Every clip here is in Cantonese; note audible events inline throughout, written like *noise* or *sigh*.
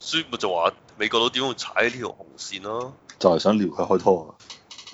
所以咪就話美國佬點會踩呢條紅線咯？就係想撩佢開拖啊！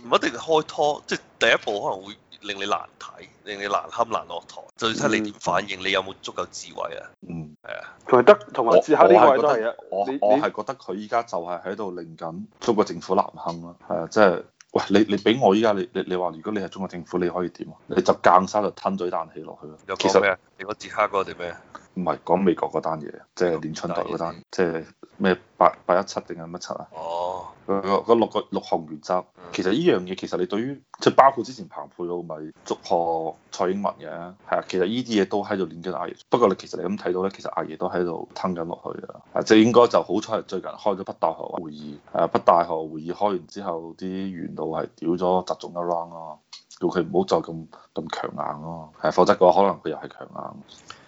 唔一定開拖，即係第一步可能會令你難睇，令你難堪難落台。就睇你點反應，你有冇足夠智慧啊？嗯，係啊。同埋德同埋捷克呢位都係啊！我我係覺得佢依家就係喺度令緊中國政府難堪咯。係啊，即係，啊就係，喂你你俾我依家你你你話如果你係中國政府你可以點啊？你就硬生就吞咗啖氣落去咯。又講咩啊？其實你講捷克嗰個定咩啊？唔係講美國嗰單嘢，即係年春代嗰單，即係咩八八一七定係乜七啊？哦，嗰六個六項原則，其實呢樣嘢其實你對於即係包括之前彭佩奧咪祝賀蔡英文嘅，係啊，其實呢啲嘢都喺度連緊阿爺，不過你其實你咁睇到咧，其實阿爺都喺度吞緊落去啦。啊，即係應該就好彩最近開咗北戴河會議，啊北戴河會議開完之後，啲元老係屌咗習總一 round 咯，叫佢唔好再咁咁強硬咯，係否則嘅話可能佢又係強硬。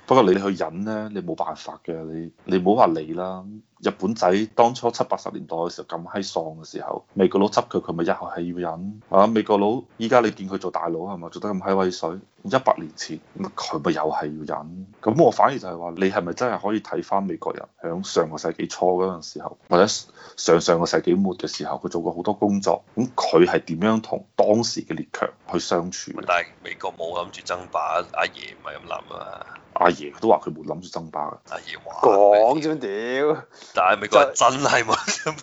不過你去忍呢，你冇辦法嘅。你你唔好話你啦，日本仔當初七八十年代嘅時候咁閪喪嘅時候，美國佬執佢，佢咪又係要忍啊？美國佬依家你見佢做大佬係咪做得咁閪威水？一百年前，佢咪又係要忍。咁我反而就係話，你係咪真係可以睇翻美國人響上個世紀初嗰陣時候，或者上上個世紀末嘅時候，佢做過好多工作。咁佢係點樣同當時嘅列強去相處？但係美國冇諗住爭霸，阿爺唔係咁諗啊。阿爺都話佢冇諗住爭霸噶，阿爺話講啫屌？但係美國人真係冇，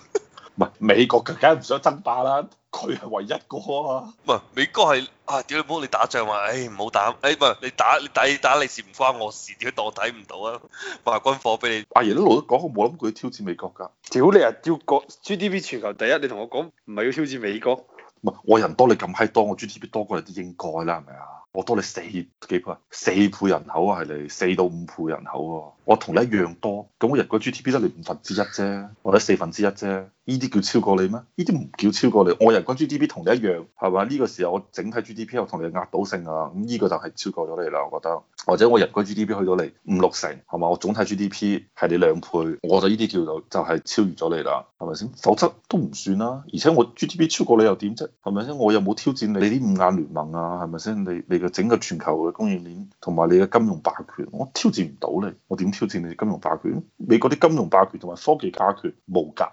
唔係美國梗係唔想爭霸啦，佢係唯一個啊嘛。唔係美國係啊屌你，唔好你打仗嘛，誒唔好打，誒唔係你打你抵打你事唔關我事，點當我睇唔到啊？賣軍火俾你，阿爺都老都講我冇諗過要挑戰美國噶。屌你啊，要國 GDP 全球第一，你同我講唔係要挑戰美國？唔係我人多你咁閪多，我 GDP 多過你都應該啦，係咪啊？我多你四幾倍啊？四倍人口啊，係你四到五倍人口喎，啊。我同你一樣多，咁我人均 GDP 得你五分之一啫，或者四分之一啫，呢啲叫超過你咩？呢啲唔叫超過你。我人均 GDP 同你一樣，係咪？呢個時候我整體 GDP 又同你壓倒性啊，咁呢個就係超過咗你啦。我覺得，或者我人均 GDP 去到你五六成，係嘛？我總體 GDP 係你兩倍，我就呢啲叫做就係超越咗你啦，係咪先？否則都唔算啦。而且我 GDP 超過你又點啫？係咪先？我又冇挑戰你啲五眼聯盟啊，係咪先？你你嘅整個全球嘅供應鏈同埋你嘅金融霸權，我挑戰唔到你，我點？挑戰你金融霸權，美國啲金融霸權同埋科技霸權無解。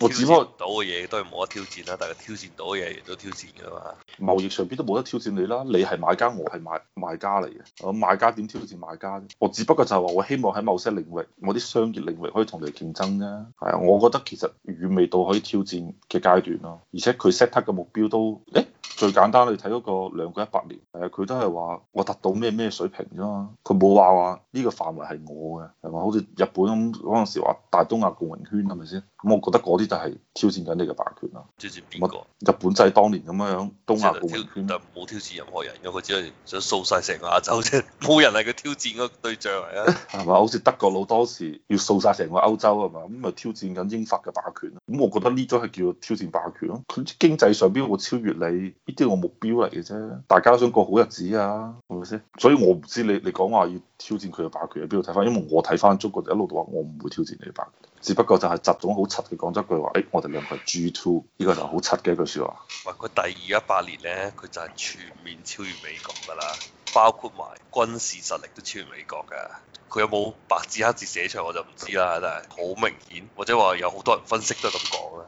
我只不過到嘅嘢都係冇得挑戰啦，但係挑戰到嘅嘢亦都挑戰㗎嘛。貿易上邊都冇得挑戰你啦，你係買家，我係買買家嚟嘅。我買家點挑戰買家啫？我只不過就係話我希望喺某些領域，某啲商業領域可以同你競爭啫。係啊，我覺得其實遠未到可以挑戰嘅階段咯。而且佢 set up 嘅目標都誒。欸最簡單你睇嗰個兩個一百年，誒佢都係話我達到咩咩水平啫嘛，佢冇話話呢個範圍係我嘅，係嘛？好似日本咁嗰陣時話大東亞共榮圈係咪先？是。咁我覺得嗰啲就係挑戰緊你嘅霸權啦、啊。挑戰邊個？日本仔當年咁樣樣，東亞霸權就冇挑，挑戰任何人，因為佢只係想掃晒成個亞洲啫，冇人係佢挑戰嘅對象嚟啊。係嘛？好似德國佬當時要掃晒成個歐洲係嘛？咁咪挑戰緊英法嘅霸權、啊。咁我覺得呢都係叫挑戰霸權咯、啊。佢經濟上邊會超越你，呢啲我目標嚟嘅啫。大家都想過好日子啊，係咪先？所以我唔知你你講話要挑戰佢嘅霸權喺邊度睇翻，因為我睇翻中國一路都話我唔會挑戰你霸權。只不過就係習總好柒佢講咗句話，誒、哎，我哋兩個係 G two，呢個就好柒嘅一句説話。話佢第二一八年呢，佢就係全面超越美國㗎啦，包括埋軍事實力都超越美國㗎。佢有冇白紙黑字寫出來，我就唔知啦，但係好明顯，或者話有好多人分析都係咁講啊。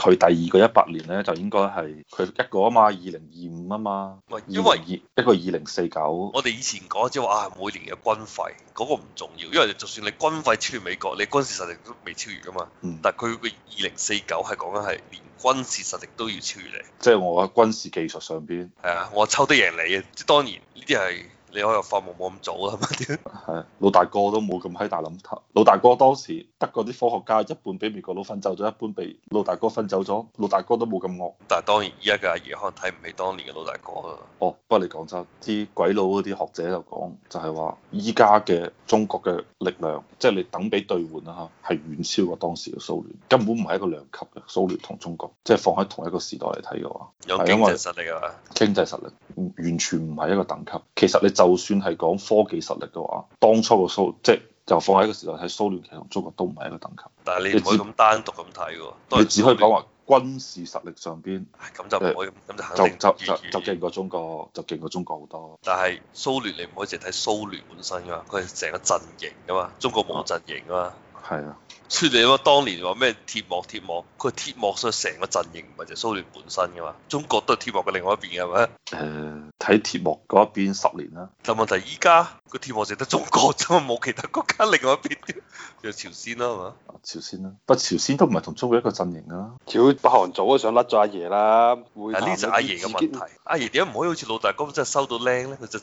佢第二個一百年呢，就應該係佢一個啊嘛，二零二五啊嘛，因為二一個二零四九。我哋以前講，即係話每年嘅軍費嗰、嗰個唔重要，因為就算你軍費超越美國，你軍事實力都未超越噶嘛。嗯、但係佢嘅二零四九係講緊係連軍事實力都要超越你。即係我喺軍事技術上邊。係啊，我抽得贏你啊！即係當然呢啲係。你可又發夢冇咁早啊？係老大哥都冇咁閪大諗頭，老大哥當時德國啲科學家，一半俾美國佬分走咗，一半被老大哥分走咗，老大哥都冇咁惡。但係當然，依家嘅阿爺可能睇唔起當年嘅老大哥啦。哦，不過你講真，啲鬼佬嗰啲學者就講就係話，依家嘅中國嘅力量，即係你等比兌換啦，係遠超過當時嘅蘇聯，根本唔係一個量級嘅蘇聯同中國，即係放喺同一個時代嚟睇嘅話，有經濟實力啊，經濟實力完全唔係一個等級。其實你。就算係講科技實力嘅話，當初個蘇即係就放喺個時代睇蘇聯其實同中國都唔係一個等級。但係你唔可以咁單獨咁睇喎。你只，你只可以講話軍事實力上邊，咁就唔可以咁、嗯、就肯、嗯、就就就勁過中國，就勁過中國好多。但係蘇聯你唔可以淨睇蘇聯本身㗎嘛，佢係成個陣營㗎嘛，中國冇陣營㗎嘛。嗯。係啊，所以你話，當年話咩鐵幕鐵幕，佢鐵幕所成個陣營唔係就蘇聯本身噶嘛，中國都係鐵幕嘅另外一邊嘅，係咪？誒，睇鐵幕嗰一邊十年啦。但問題依家個鐵幕剩得中國就冇其他國家另外一邊嘅，就朝鮮啦，係嘛？朝鮮啦，但朝鮮都唔係同中國一個陣營啦。朝北韓早都想甩咗阿爺啦，會呢就阿爺嘅問題，阿爺點解唔可以好似老大哥真係收到靚咧？佢就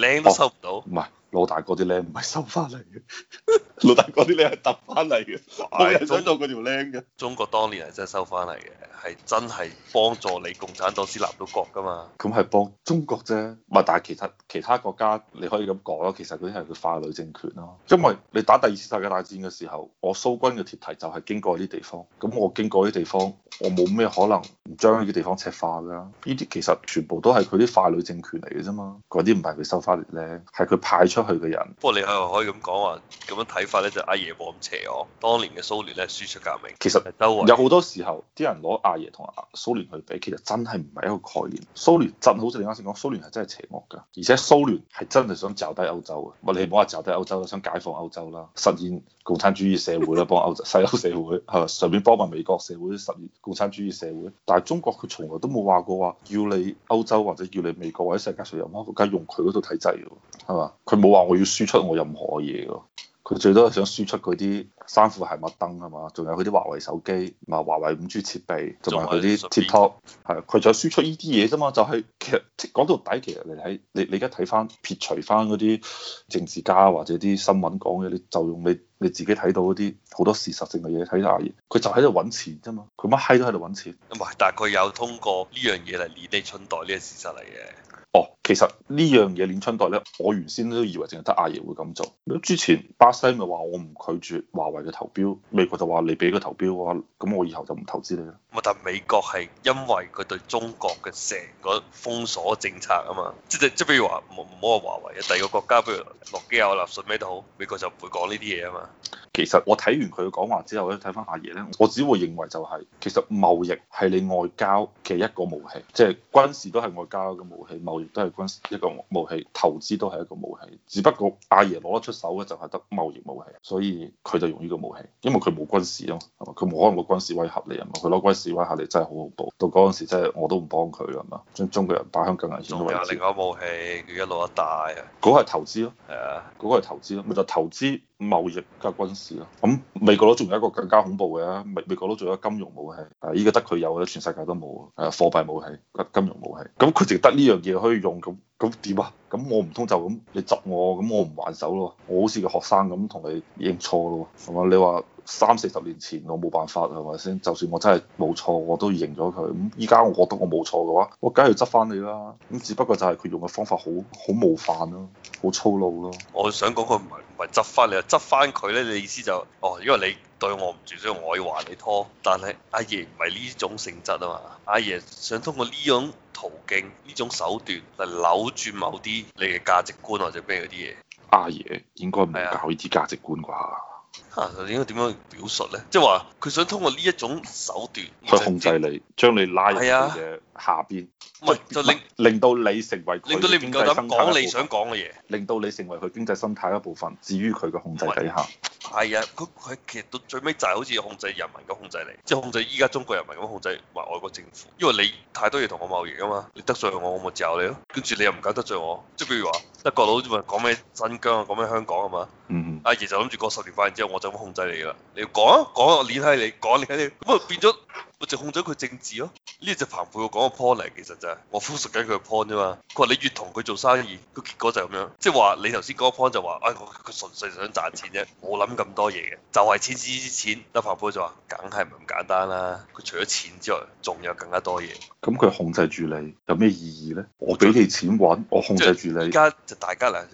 連靚都收唔到。唔係。老大哥啲僆唔係收翻嚟嘅，老大哥啲僆係揼翻嚟嘅，佢係想做嗰條僆嘅。中國當年係真係收翻嚟嘅，係真係幫助你共產黨建立到國噶嘛。咁係幫中國啫，咪但係其他其他國家你可以咁講咯，其實嗰啲係佢傀儡政權咯。因為你打第二次世界大戰嘅時候，我蘇軍嘅鐵蹄就係經過啲地方，咁我經過啲地方，我冇咩可能唔將啲地方赤化㗎。呢啲其實全部都係佢啲傀儡政權嚟嘅啫嘛，嗰啲唔係佢收翻嚟僆，係佢派出。出去嘅人，不過你係可以咁講話，咁樣睇法咧就阿爺冇咁邪惡。當年嘅蘇聯咧輸出革命，其實係周圍有好多時候，啲人攞阿爺同阿蘇聯去比，其實真係唔係一個概念。蘇聯真好似你啱先講，蘇聯係真係邪惡㗎，而且蘇聯係真係想炸低歐洲㗎。唔係你唔好話炸低歐洲啦，想解放歐洲啦，實現共產主義社會啦， *laughs* 幫歐洲西歐社會係嘛，順便幫埋美國社會實現共產主義社會。但係中國佢從來都冇話過話要你歐洲或者要你美國或者世界上有乜國家用佢嗰度體制㗎喎，係嘛？佢冇。我話我要輸出我任何嘢咯，佢最多係想輸出佢啲衫褲鞋襪燈啊嘛，仲有佢啲華為手機，唔係華為五 G 設備，同埋佢啲 TikTok，佢就係輸出呢啲嘢啫嘛。就係、是、其實講到底，其實你睇你你而家睇翻撇除翻嗰啲政治家或者啲新聞講嘅，你就用你你自己睇到嗰啲好多事實性嘅嘢睇下，佢就喺度揾錢啫嘛。佢乜閪都喺度揾錢，唔但係佢有通過呢樣嘢嚟碾你蠢代，呢個事實嚟嘅。哦。其實年春呢樣嘢連窗代咧，我原先都以為淨係得阿爺會咁做。之前巴西咪話我唔拒絕華為嘅投標，美國就話你俾個投標嘅話，咁我以後就唔投資你啦。但美國係因為佢對中國嘅成個封鎖政策啊嘛，即即即比如話唔好話華為啊，第二個國家譬如諾基亞、納粹咩都好，美國就唔會講呢啲嘢啊嘛。其實我睇完佢嘅講話之後咧，睇翻阿爺咧，我只會認為就係、是、其實貿易係你外交嘅一個武器，即係軍事都係外交嘅武器，貿易都係一個武器，投資都係一個武器，只不過阿爺攞得出手嘅就係得貿易武器，所以佢就用呢個武器，因為佢冇軍事咯，佢冇可能個軍事威嚇你啊嘛，佢攞軍事威嚇你，威嚇你真係好恐怖，到嗰陣時真係我都唔幫佢啦嘛，將中國人擺向更危險嘅位置。仲有另一個武器，佢一路都大啊。嗰個係投資咯，係啊，嗰個係投資咯，咪就投資。貿易加軍事咯，咁美國佬仲有一個更加恐怖嘅，美美國佬仲有金融武器，啊依家得佢有，全世界都冇，誒貨幣武器、金融武器，咁佢淨得呢樣嘢可以用，咁咁點啊？咁我唔通就咁你執我，咁我唔還手咯，我好似個學生咁同你認錯咯，咁你話？三四十年前，我冇辦法係咪先？就算我真係冇錯，我都認咗佢。咁依家我覺得我冇錯嘅話，我梗係要執翻你啦。咁只不過就係佢用嘅方法好好冒犯咯，好粗魯咯。我想講佢唔係唔係執翻你，執翻佢咧。你意思就，哦，因為你對我唔住，所以我可以話你拖。但係阿、啊、爺唔係呢種性質啊嘛。阿、啊、爺想通過呢種途徑、呢種手段嚟扭轉某啲你嘅價值觀或者咩嗰啲嘢。阿、啊、爺應該唔係教呢啲價值觀啩？啊！應該點樣表述咧？即係話佢想通過呢一種手段去控制你，即係、將你拉入佢嘅下邊，唔係就令令到你成為令到你唔夠膽講你想講嘅嘢，令到你成為佢經濟生態一部分，置於佢嘅控制底下。係啊、哎！佢佢其實到最尾就係好似控制人民咁控制你，即係控制依家中國人民咁控制埋外國政府，因為你太多嘢同我貿易啊嘛，你得罪我我咪招你咯。跟住你又唔敢得罪我，即係譬如話德國佬咪講咩新疆啊，講咩香港啊，、嗯、啊嘛。阿、啊啊嗯啊、爺爺就諗住過十年百年之後我就。咁控制你噶啦，你要講講、啊，講我鏈喺你，講鏈喺你，咁啊變咗。我就控咗佢政治咯，呢隻彭佩我講個 point 嚟，其實就係我複述緊佢個 point 啫嘛。佢話你越同佢做生意，個結果就係咁樣，即係話你頭先講個 point 就話，哎，佢純粹想賺錢啫，冇諗咁多嘢嘅，就係、錢、錢之，之錢。但彭佩就話，梗係唔係咁簡單啦，佢除咗錢之外，仲有更加多嘢。咁佢、嗯嗯嗯、控制住你有咩意義咧？我俾你錢揾，我控制住你。而家就，就大家嚟，點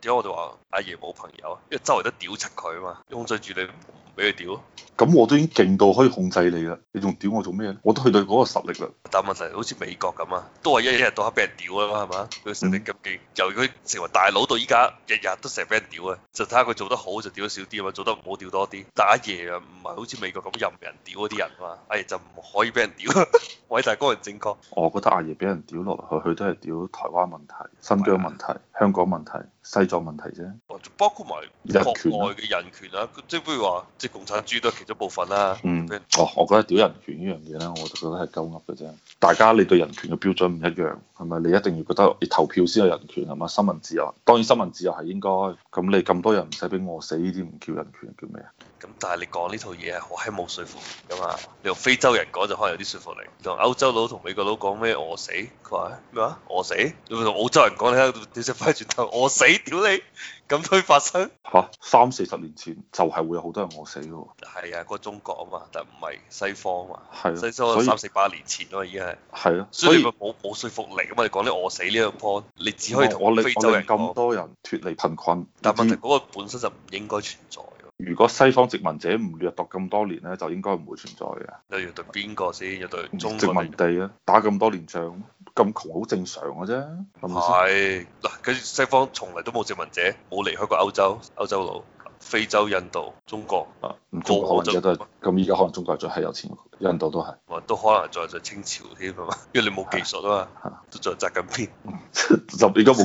解我哋話阿爺冇朋友？因為周圍都屌柒佢啊嘛，控制住你。俾佢屌，咁我都已經勁到可以控制你啦，你仲屌我做咩咧？我都去到嗰個實力啦。但問題好似美國咁啊，都係一日到黑俾人屌啊嘛，係嘛？佢實力咁勁，由佢成為大佬到依家，日日都成日俾人屌啊。就睇下佢做得好就屌少啲啊嘛，做得唔好屌多啲。阿爺啊，唔係好似美國咁任人屌嗰啲人啊嘛，阿爺就唔可以俾人屌。偉大光明正確。我覺得阿爺俾人屌落落去，佢都係屌台灣問題、新疆問題。香港問題、西藏問題啫，包括埋國外嘅人權啦、啊啊，即係不如話，即係共產主義都係其中一部分啦、啊。嗯，對 哦，我覺得屌人權呢樣嘢咧，我就覺得係鳩噏嘅啫。大家你對人權嘅標準唔一樣，係咪你一定要覺得你投票先有人權係嘛？新聞自由，當然新聞自由係應該。咁你咁多人唔使俾餓死，呢啲唔叫人權，叫咩啊？咁、嗯、但係你講呢套嘢係好喺冇説服㗎嘛？你同非洲人講就可能有啲説服力，同歐洲佬同美國佬講咩餓死，佢話咩啊餓死？你同澳洲人講你轉頭餓死，屌你咁推發生嚇、啊？三四十年前就係、是、會有好多人餓死嘅喎。係啊，個中國啊嘛，但唔係西方啊嘛。係咯、啊，啊、所以三四百年前咯，已經係。係啊，所以冇冇説服力啊嘛！你講啲餓死呢個 point，你只可以同我非洲人講，我哋咁多人脱離貧困。但問題嗰個本身就唔應該存在。如果西方殖民者唔掠奪咁多年咧，就應該唔會存在嘅。例如對邊個先？對中殖民地啊，打咁多年仗，咁窮好正常嘅、啊、啫。係嗱，佢西方從來都冇殖民者，冇離開過歐洲、歐洲佬、非洲、印度、中國啊。咁依家可能中國最係有錢，印度都係、啊，都可能再在清朝添啊嘛，因為你冇技術啊嘛，啊啊都在扎緊邊，就 *laughs* 應該冇殖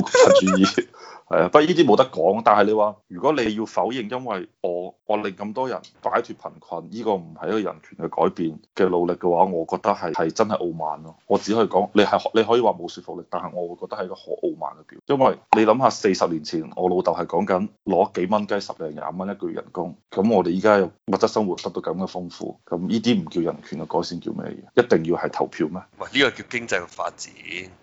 民主義。 *laughs* *laughs* 誒，不過呢啲冇得講，但係你話如果你要否認，因為我。我令咁多人擺脫貧困，呢個唔係一個人權嘅改變嘅努力嘅話，我覺得係係真係傲慢咯。我只可以講，你係你可以話冇説服力，但係我會覺得係一個好傲慢嘅表現。因為你諗下，四十年前我老豆係講緊攞幾蚊雞，十零廿蚊一個月人工，咁我哋依家又物質生活得到咁嘅豐富，咁呢啲唔叫人權嘅改善叫咩嘢？一定要係投票咩？呢個叫經濟嘅發展，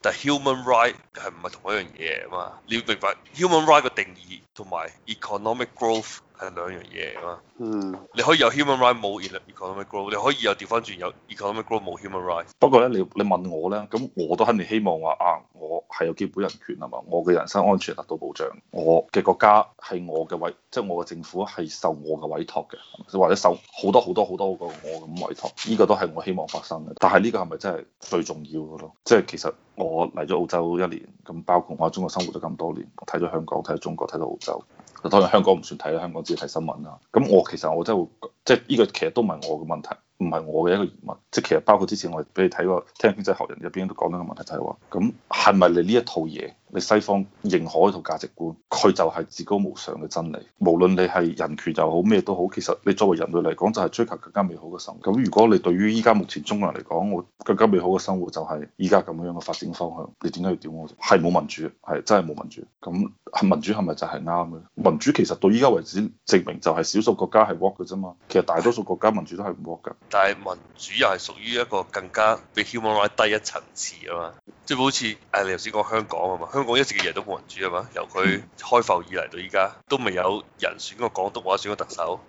但係 human right 係唔係同一樣嘢啊嘛？你要明白 human right 嘅定義同埋 economic growth。係兩樣嘢啊，嗯，你可以有 human right，冇 economic growth，你可以又調翻轉有 economic growth，冇 human right。不過咧，你你問我咧，咁我都肯定希望話啊，我係有基本人權啊嘛，我嘅人身安全達到保障，我嘅國家係我嘅委，即係我嘅政府係受我嘅委託嘅，或者受好多好多好多個我咁委託，呢個都係我希望發生嘅。但係呢個係咪真係最重要嘅咯？即係其實我嚟咗澳洲一年，咁包括我喺中國生活咗咁多年，睇咗香港，睇咗中國，睇到澳洲。就當然香港唔算睇啦，香港只睇新聞啊。咁我其實我真係會，即係呢個其實都唔係我嘅問題，唔係我嘅一個疑問。即係其實包括之前我俾你睇過，聽經濟學人入邊都講到嘅問題，就係話，咁係咪你呢一套嘢？你西方認可一套價值觀，佢就係至高無上嘅真理。無論你係人權又好咩都好，其實你作為人類嚟講，就係、是、追求更加美好嘅生活。咁如果你對於依家目前中國人嚟講，我更加美好嘅生活就係依家咁樣嘅發展方向，你點解要屌我？係冇民主，係真係冇民主。咁民主係咪就係啱嘅？民主其實到依家為止證明就係少數國家係 work 嘅啫嘛。其實大多數國家民主都係唔 work 㗎。但係民主又係屬於一個更加比 humanity 低一層次啊嘛。即係好似誒，你頭先講香港啊嘛？香港一直嘅嘢都冇民主係嘛？由佢開埠以嚟到依家都未有人選過港督選過特首，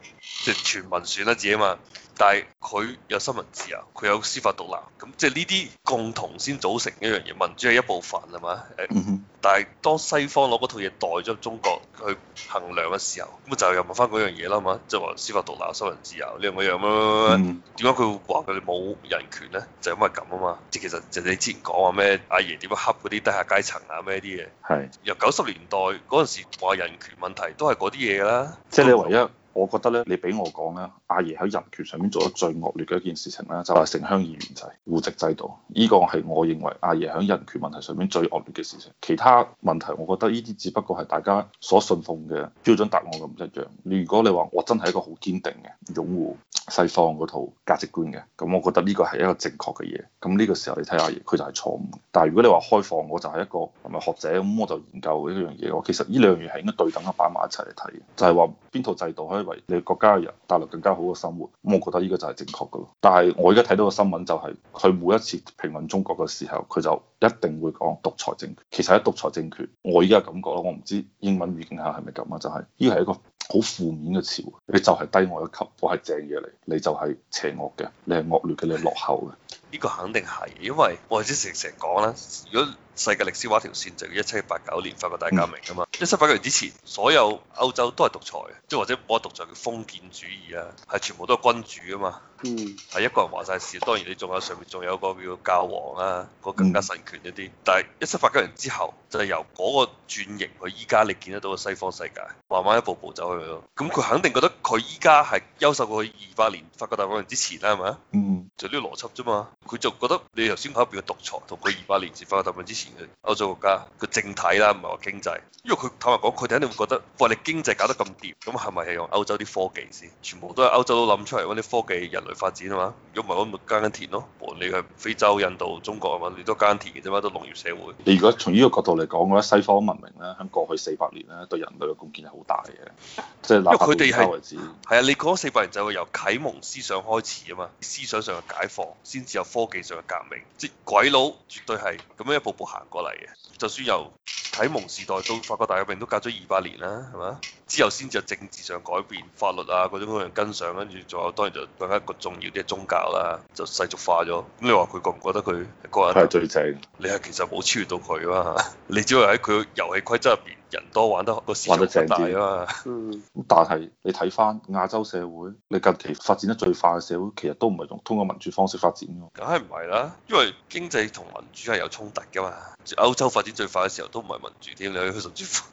即係全民選得字啊嘛。但係佢有新聞自由，佢有司法獨立，咁即係呢啲共同先組成一樣嘢，民主係一部分係嘛？誒，但係當西方攞嗰套嘢代咗中國去衡量嘅時候，咁就又問翻嗰樣嘢啦嘛。即係話司法獨立、新聞自由呢兩個樣咯。點解佢會話佢哋冇人權咧？就因為咁啊嘛。即係其實就你之前講話咩？阿爺點樣恰嗰啲低下階層啊？咩啲嘢？係是由九十年代嗰陣時話人權問題都係嗰啲嘢啦。即係你唯一，都我覺得呢，你俾我講啦。阿爺喺人權上面做得最惡劣嘅一件事情咧，就係城鄉二元制、戶籍制度，呢、呢個係我認為阿爺喺人權問題上面最惡劣嘅事情。其他問題，我覺得呢啲只不過係大家所信奉嘅標準答案嘅唔一樣。如果你話我真係一個好堅定嘅擁護西方嗰套價值觀嘅，咁我覺得呢個係一個正確嘅嘢。咁呢個時候你睇阿爺，佢就係錯誤。但係如果你話開放，我就係一個係咪學者咁，我就研究呢樣嘢。我其實呢兩樣嘢係應該對等嘅擺埋一齊嚟睇，就係話邊套制度可以為你國家嘅人帶來更加。好嘅生活，咁我覺得呢個就係正確嘅咯。但係我而家睇到個新聞就係、是，佢每一次評論中國嘅時候，佢就一定會講獨裁政權。其實係獨裁政權，我而家感覺咯，我唔知英文語境下係咪咁啊，就係呢個係一個好負面嘅詞。你就係低我一級，我係正嘢嚟，你就係邪惡嘅，你係惡劣嘅，你係落後嘅。呢個肯定係，因為我哋之前成日講啦，如果世界歷史畫一條線，就要一七八九年法國大革命啊嘛，一七八九年之前，所有歐洲都係獨裁，即係或者唔好話獨裁叫封建主義啊，係全部都係君主啊嘛。嗯，係一個人話晒事，當然你仲有上面仲有個叫教皇啊，個更加神權一啲，嗯、但係一七八九年之後，就係、是、由嗰個轉型，去。依家你見得到個西方世界，慢慢一步步走去咯。咁佢肯定覺得佢依家係優秀過佢二百年法國大革命之前啦，係咪？嗯，就呢個邏輯啫嘛。佢就覺得你頭先講邊個獨裁，同佢二百年前法國大革命之前嘅歐洲國家嘅政體啦，唔係話經濟，因為佢坦白講，佢哋一定會覺得喂，你經濟搞得咁掂，咁係咪係用歐洲啲科技先？全部都係歐洲都諗出嚟嗰啲科技人發展啊嘛，如果唔喐，係咪耕耕田咯。你係非洲、印度、中國啊嘛，你都耕田嘅啫嘛，都農業社會。你如果從呢個角度嚟講嘅話，我覺得西方文明咧喺過去四百年咧對人類嘅貢獻係好大嘅，即係嗱佢哋業為係啊，你講四百年就會由啟蒙思想開始啊嘛，思想上嘅解放先至有科技上嘅革命，即係鬼佬絕對係咁樣一步步行過嚟嘅，就算由。啟蒙時代到法國大革命都隔咗二百年啦，係嘛？之後先至就政治上改變法律啊，嗰種可能跟上，跟住仲有當然就更加一個重要嘅宗教啦，就世俗化咗。咁、嗯、你話佢覺唔覺得佢個人係最正？你係其實冇超越到佢啊，你只會喺佢遊戲規則入邊。人多玩得個時，玩得盛大啊嘛正正正， *laughs* 但係你睇翻亞洲社會，你近期發展得最快嘅社會，其實都唔係用通過民主方式發展咯。梗係唔係啦，因為經濟同民主係有衝突噶嘛。歐洲發展最快嘅時候都唔係民主添，你去甚至乎。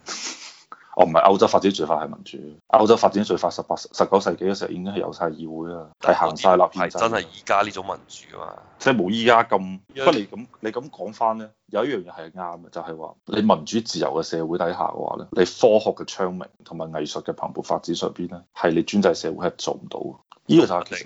我唔係歐洲發展最快係民主，歐洲發展最快十八、十九世紀嘅時候已經係有晒議會啦，係行晒立憲制，真係而家呢種民主啊嘛，即係冇而家咁。為不過你咁你咁講翻咧，有一樣嘢係啱嘅，就係話你民主自由嘅社會底下嘅話咧，你科學嘅昌明同埋藝術嘅蓬勃發展上邊咧，係你專制社會係做唔到嘅。呢個就係。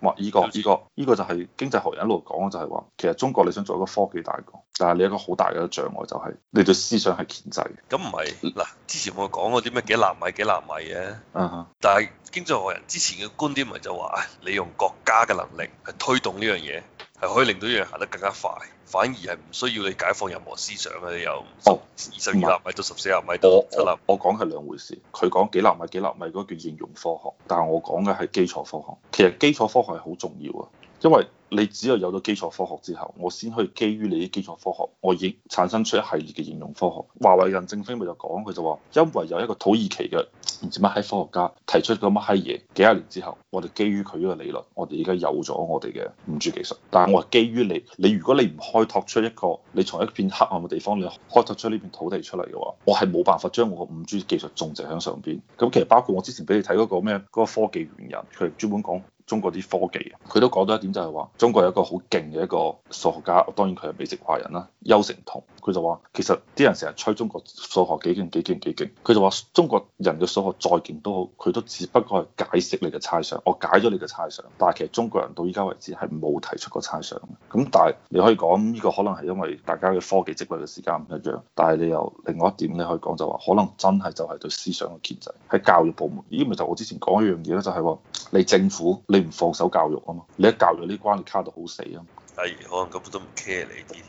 呢依、這個依、嗯這個依、這個、就係經濟學人一路講嘅就係話，其實中國你想做一個科技大國，但係你一個好大嘅障礙就係、是、你對思想係鉗制。咁唔係嗱，之前我講嗰啲咩幾難米幾難米嘅，但係經濟學人之前嘅觀點咪就話，你用國家嘅能力去推動呢樣嘢，係可以令到呢樣行得更加快。反而係唔需要你解放任何思想啦！你由十二十二納米到十四納米到七納米，我講係兩回事。佢講幾納米幾納米嗰叫應用科學，但係我講嘅係基礎科學。其實基礎科學係好重要啊！因為你只有有咗基礎科學之後，我先可以基於你啲基礎科學，我已經產生出一系列嘅應用科學。華為任正非咪就講，佢就話因為有一個土耳其嘅唔知乜閪科學家提出咗乜閪嘢，幾十年之後，我哋基於佢呢個理論，我哋而家有咗我哋嘅五 G 技術。但係我係基於你，你如果你唔開拓出一個，你從一片黑暗嘅地方，你開拓出呢片土地出嚟嘅話，我係冇辦法將我嘅五 G 技術種植喺上邊。咁其實包括我之前俾你睇嗰個咩，嗰個科技袁人，佢專門講。中國啲科技，佢都講到一點就是說，就係話中國有一個好勁嘅一個數學家，當然佢係美籍華人啦，丘成桐。佢就話，其實啲人成日吹中國數學幾勁幾勁幾勁，佢就話中國人嘅數學再勁都好，佢都只不過係解釋你嘅猜想，我解咗你嘅猜想，但係其實中國人到依家為止係冇提出過猜想。咁但係你可以講呢個可能係因為大家嘅科技積累嘅時間唔一樣，但係你又另外一點你可以講就話，可能真係就係對思想嘅建制喺教育部門。依啲咪就我之前講一樣嘢咧，就係話你政府你唔放手教育啊嘛，你喺教育呢關卡到好死啊，例如可能根本都唔 care 你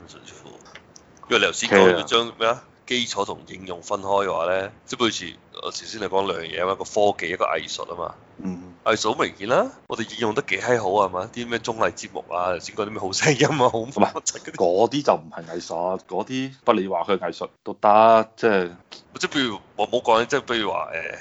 因為你頭先講咗將咩啊基礎同應用分開嘅話咧，即係好似我頭先你講兩樣嘢啊，一個科技一個藝術啊嘛。嗯。藝術好明顯啦，啊，我哋應用得幾閪好係嘛？啲咩綜藝節目啊，頭先講啲咩好聲音啊，好，嗰啲就唔係藝術，嗰啲不你話佢藝術都得，即係即係譬如我冇講，即係譬如話誒。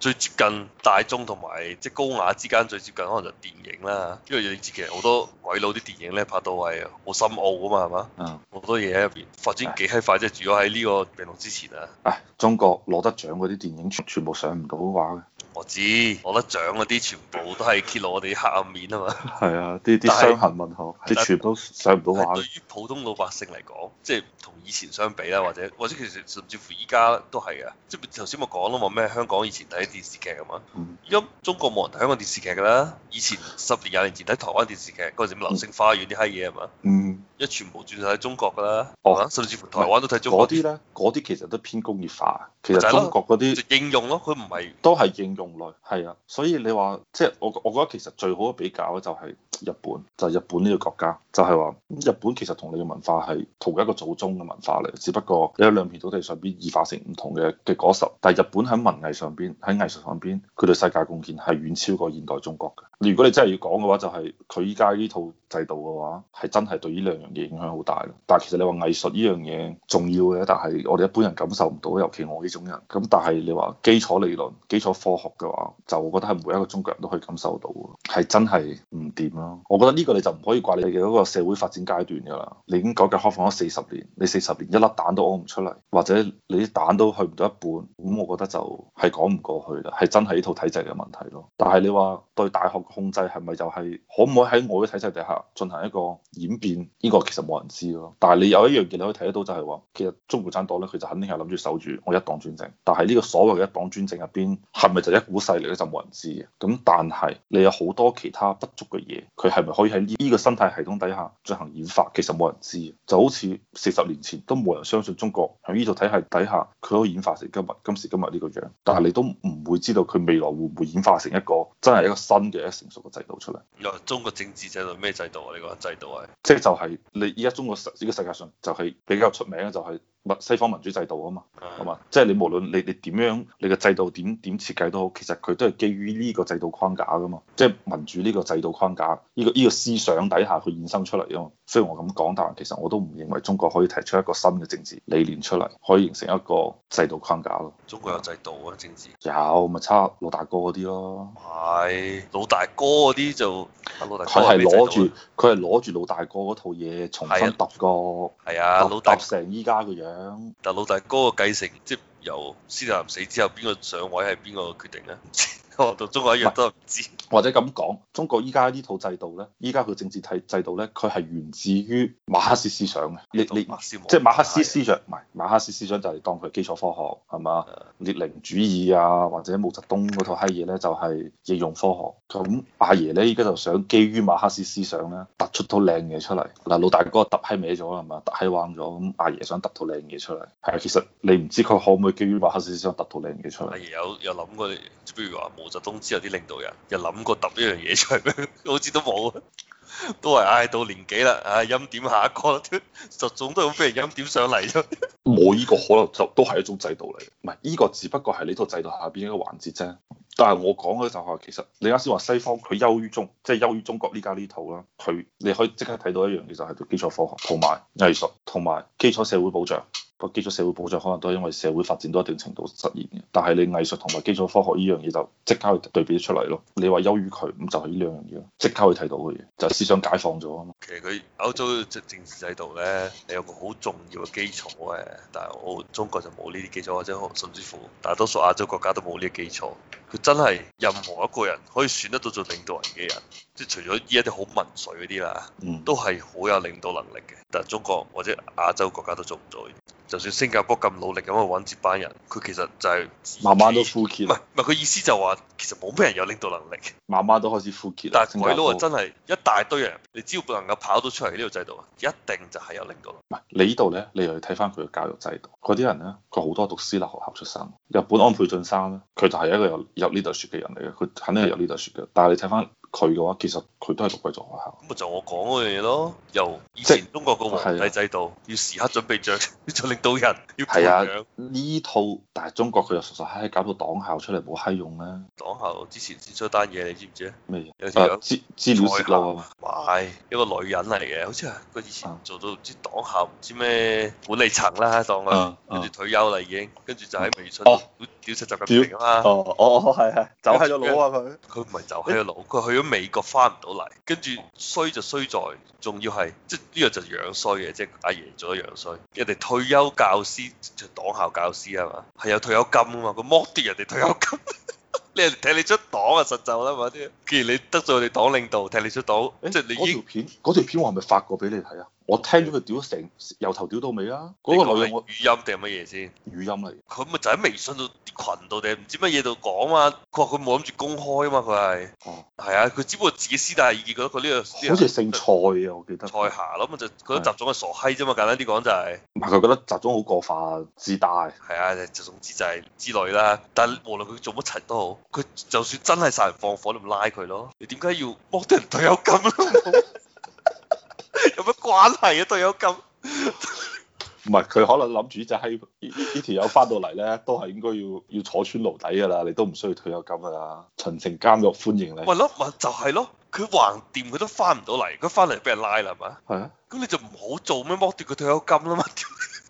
最接近大眾同埋即係高雅之間最接近，可能就電影啦。因為你知其實好多鬼佬啲電影咧，拍到係好深奧㗎嘛，係嘛？嗯。好多嘢喺入邊發展幾閪快即係，住咗喺呢個病毒之前啊。啊！中國攞得獎嗰啲電影全全部上唔到畫嘅。我知，我得獎嗰啲全部都係揭露我哋黑暗面啊嘛。係啊，呢啲傷痕問號全部都上唔到話。對於普通老百姓嚟講，即係同以前相比啦，或者或者其實甚至乎依家都係啊！即係頭先我講咯，話咩香港以前睇電視劇啊嘛。嗯、因為中國冇人睇香港電視劇噶啦，以前十年廿年前睇台灣電視劇，嗰陣咩流星花園啲閪嘢係嘛？嗯，一全部轉曬喺中國噶啦。哦、嗯，甚至乎台灣都睇中國。嗰啲咧，嗰啲其實都偏工業化，其實,其實中國嗰啲應用咯，佢唔係都係應用。用類係啊，所以你話即係我我覺得其實最好嘅比較就係日本，就係日本呢個國家，就係話日本其實同你嘅文化係同一個祖宗嘅文化嚟，只不過喺兩片土地上邊異化成唔同嘅嘅果實。但係日本喺文藝上邊喺藝術上邊，佢對世界貢獻係遠超過現代中國嘅。如果你真係要講嘅話，就係佢依家呢套制度嘅話，係真係對呢兩樣嘢影響好大咯。但係其實你話藝術呢樣嘢重要嘅，但係我哋一般人感受唔到，尤其我呢種人。咁但係你話基礎理論、基礎科學嘅話，就我覺得係每一個中國人都可以感受到，係真係唔掂咯。我覺得呢個你就唔可以怪你嘅嗰個社會發展階段㗎啦。你已經改革開放咗四十年，你四十年一粒蛋都屙唔出嚟，或者你啲蛋都去唔到一半，咁我覺得就係講唔過去啦，係真係呢套體制嘅問題咯。但係你話對大學嘅控制係咪就係可唔可以喺我嘅體制底下？進行一個演變，呢個其實冇人知咯。但係你有一樣嘢你可以睇得到就係話，其實中國產黨咧，佢就肯定係諗住守住我一黨專政。但係呢個所謂嘅一黨專政入邊，係咪就是一股勢力咧，就冇人知嘅。咁但係你有好多其他不足嘅嘢，佢係咪可以喺呢個生態系統底下進行演化，其實冇人知。就好似四十年前都冇人相信中國喺呢度體系底下，佢可以演化成今日今時今日呢個樣。但係你都唔會知道佢未來會唔會演化成一個真係一個新嘅成熟嘅制度出嚟。中國政治制度咩制度？度呢個制度係，即係就係你依家中國實呢個世界上就係比較出名嘅就係、是。西方民主制度啊嘛，咁啊、嗯，即係、就是、你無論你你點樣，你個制度點點設計都好，其實佢都係基於呢個制度框架噶嘛，即、就、係、是、民主呢個制度框架，呢、這個呢、這個思想底下佢衍生出嚟啊嘛。雖然我咁講，但係其實我都唔認為中國可以提出一個新嘅政治理念出嚟，可以形成一個制度框架咯。中國有制度啊，政治有咪差老大哥嗰啲咯，係、哎、老大哥嗰啲就佢係攞住佢係攞住老大哥套嘢重新揼過係啊，揼、啊、成依家個樣。嗯、但老大哥嘅繼承，即係由司徒南死之後，邊個上位係邊個決定呢？ *laughs* 我中國一日都唔知是， *laughs* 或者咁講，中國依家呢套制度咧，依家佢政治體制度咧，佢係源自於馬克思思想嘅，套你你即係馬，的馬克思思想，唔係馬克思思想就係當佢基礎科學，係嘛？的列寧主義啊，或者毛澤東嗰套閪嘢咧，就係、是、應用科學。咁阿爺咧，依家就想基於馬克思思想咧，突出套靚嘢出嚟。嗱老大哥揼閪歪咗啦，係嘛？揼閪玩咗，咁阿爺想突套靚嘢出嚟。係啊，其實你唔知佢可唔可以基於馬克思思想突套靚嘢出嚟。阿爺有有諗過，譬如話冇.就總知之啲領導人又諗過揼一樣嘢出嚟咩？ *laughs* 好似都冇，啊，都係唉到年紀啦，唉欽點下一個，總都係俾人欽點上嚟咗。冇依個可能就都係一種制度嚟，嘅。唔係依個只不過係呢套制度下邊一個環節啫。但係我講嘅就話，其實你啱先話西方佢優於中，即係優於中國呢家呢套啦，佢你可以即刻睇到一樣嘢就係叫基礎科學，同埋藝術，同埋基礎社會保障。個基礎社會保障可能都係因為社會發展到一定程度實現嘅，但係你藝術同埋基礎科學呢樣嘢就即刻去對比出嚟咯。你話優於佢咁就係呢兩樣嘢，即刻去睇到嘅嘢就係思想解放咗啊！其實佢歐洲嘅政治制度咧，你有個好重要嘅基礎嘅，但係我中國就冇呢啲基礎，或者甚至乎大多數亞洲國家都冇呢啲基礎。佢真係任何一個人可以選得到做領導人嘅人。即係除咗依一啲好民粹嗰啲啦，嗯、都係好有領導能力嘅。但係中國或者亞洲國家都做唔到，就算新加坡咁努力咁去揾接班人，佢其實就係慢慢都枯竭。唔係唔係，佢意思就話、係、其實冇咩人有領導能力。慢慢都開始枯竭。但係鬼佬啊，真係一大堆人，你只要能夠跑到出嚟呢個制度，一定就係有領導能力。唔係你呢度咧，你又要睇翻佢嘅教育制度。嗰啲人咧，佢好多讀私立學校出身。日本安倍晉三咧，佢就係一個有入呢度説嘅人嚟嘅，佢肯定係有呢度説嘅。但係你睇翻。佢嘅話其實佢都係讀貴族學校，咁咪就我講嗰樣嘢咯。由以前中國個皇帝制度，要時刻準備著，要做領導人。係啊，呢套但係中國佢又實實喺搞到黨校出嚟冇閪用咧。黨校之前先出單嘢，你知唔知？咩嘢？有時長蔡凱華，哇！一個女人嚟嘅，好似係佢以前做到唔知黨校唔知咩管理層啦，當跟住退休啦已經，跟住就喺美微信屌出集咁嚟啊嘛。哦，哦，係係，走喺咗路啊佢。佢唔係走喺咗路，佢去咗，美國翻唔到嚟，跟住衰就衰在，仲要係即呢個就樣衰嘅，即係阿爺、這個、做咗樣衰。人哋退休教師，就是、黨校教師係嘛，係有退休金啊嘛，佢剝奪人哋退休金，你 *laughs* 係踢你出黨啊實就啦嘛啲。既然你得罪我哋黨領導，踢你出黨，欸、即係你。呢條片嗰條片我係咪發過俾你睇啊？我聽咗佢屌咗成由頭屌到尾啦！嗰個女嘅語音定係乜嘢先？語音嚟。佢咪就喺微信度啲群度定係唔知乜嘢度講啊？佢話佢冇諗住公開啊嘛，佢係。哦。係啊，佢只不過自己私底下意見覺得佢呢、這個。好似姓蔡啊，我記得。蔡霞咯，咁就覺,是覺得習總係傻閪啫嘛！簡單啲講就係、是。唔係佢覺得習總好過分自大。係啊，就總之就係、是、之類啦。但係無論佢做乜柒都好，佢就算真係殺人放火你唔拉佢咯。你點解要剝啲人退休金咯？ *laughs* 有乜關係啊退休金？唔係佢可能諗住就係呢，呢條友翻到嚟咧，都係應該要要坐穿牢底噶啦，你都唔需要退休金噶啦，秦城監獄歡迎你。咪咯咪就係、是、咯，佢橫掂佢都翻唔到嚟，佢翻嚟俾人拉啦係嘛？係啊。咁你就唔好做咩剝奪佢退休金啦嘛，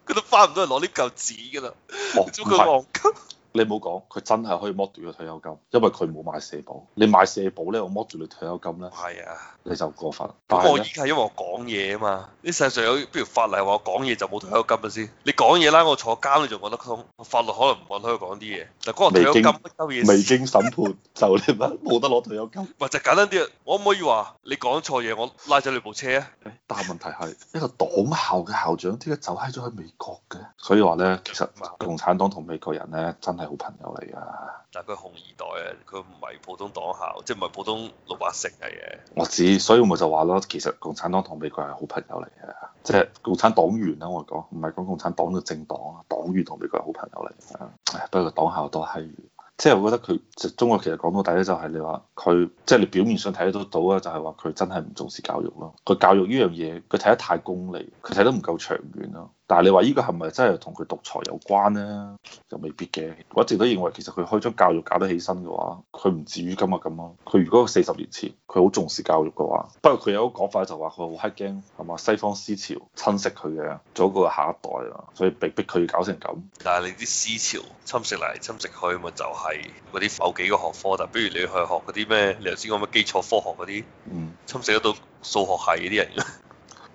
佢 *laughs* 都翻唔到嚟攞呢嚿紙噶啦，望咗佢黃金。 *laughs* 你唔好講，佢真係可以剝奪佢退休金，因為佢冇買社保。你買社保咧，我剝奪你退休金咧，係啊，你就過分。不過依家係因為我講嘢啊嘛，啲世上有邊條法例話我講嘢就冇退休金啊先？你講嘢啦，我坐監你就覺得通？法律可能唔允許講啲嘢。但個退休金未經未經審判 *laughs* 就你乜冇得攞退休金？或者 *laughs* 就簡單啲我唔可以你話你講錯嘢，我拉走你部車啊？但係問題係 *laughs* 一個黨校嘅校長點解走喺咗喺美國嘅？所以話咧，其實共產黨同美國人咧係好朋友嚟噶，但係佢紅二代啊，佢唔係普通黨校，即係唔係普通老百姓嚟嘅。我知，所以我咪就話咯，其實共產黨同美國係好朋友嚟嘅，即係共產黨員啦、啊，我講唔係講共產黨個政黨啊，黨員同美國係好朋友嚟嘅。不過黨校都係完，即係我覺得佢，中國其實講到第一就係你話佢，即係你表面上睇得到啊，就係話佢真係唔重視教育咯。佢教育呢樣嘢，佢睇得太功利，佢睇得唔夠長遠咯。但係你話依個係咪真係同佢獨裁有關呢？就未必嘅。我一直都認為其實佢可以將教育搞得起身嘅話，佢唔至於今日咁咯。佢如果四十年前佢好重視教育嘅話，不過佢有個講法就話佢好黑驚係嘛西方思潮侵蝕佢嘅、咗佢嘅下一代啊，所以被迫佢要搞成咁。但係你啲思潮侵蝕嚟侵蝕去咪就係嗰啲某幾個學科，就比如你去學嗰啲咩，你頭先講嘅基礎科學嗰啲，嗯，侵蝕得到數學係嗰啲人。 *laughs*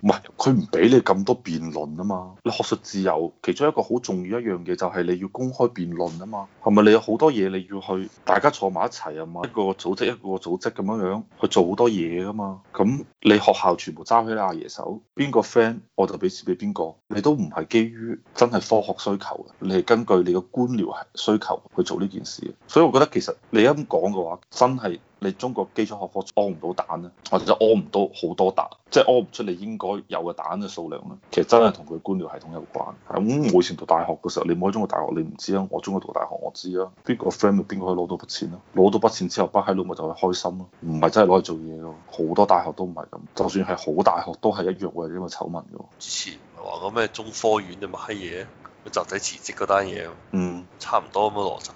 唔係，佢唔俾你咁多辯論啊嘛。你學術自由，其中一個好重要一樣嘢就係你要公開辯論啊嘛。係咪你有好多嘢你要去大家坐埋一齊啊嘛？一個組織一個組織咁樣樣去做好多嘢噶嘛。咁你學校全部揸起你阿爺手，邊個 friend 我就俾錢俾邊個，你都唔係基於真係科學需求嘅，你係根據你嘅官僚需求去做呢件事。所以我覺得其實你啱講嘅話，真係。你中國基礎學科屙唔到蛋咧，或者屙唔到好多蛋，即係屙唔出你應該有嘅蛋嘅數量咧。其實真係同佢官僚系統有關。咁我以前讀大學嘅時候，你冇喺中國大學，你唔知啊。我中國讀大學，我知啊。邊個 friend 邊個可以攞到筆錢啊？攞到筆錢之後，不閪老咪就係開心咯、啊，唔係真係攞嚟做嘢咯、啊。好多大學都唔係咁，就算係好大學都係一樣嘅，因為醜聞嘅。之前話個咩中科院啲乜閪嘢？集體辭職嗰單嘢，嗯，差唔多咁嘅邏輯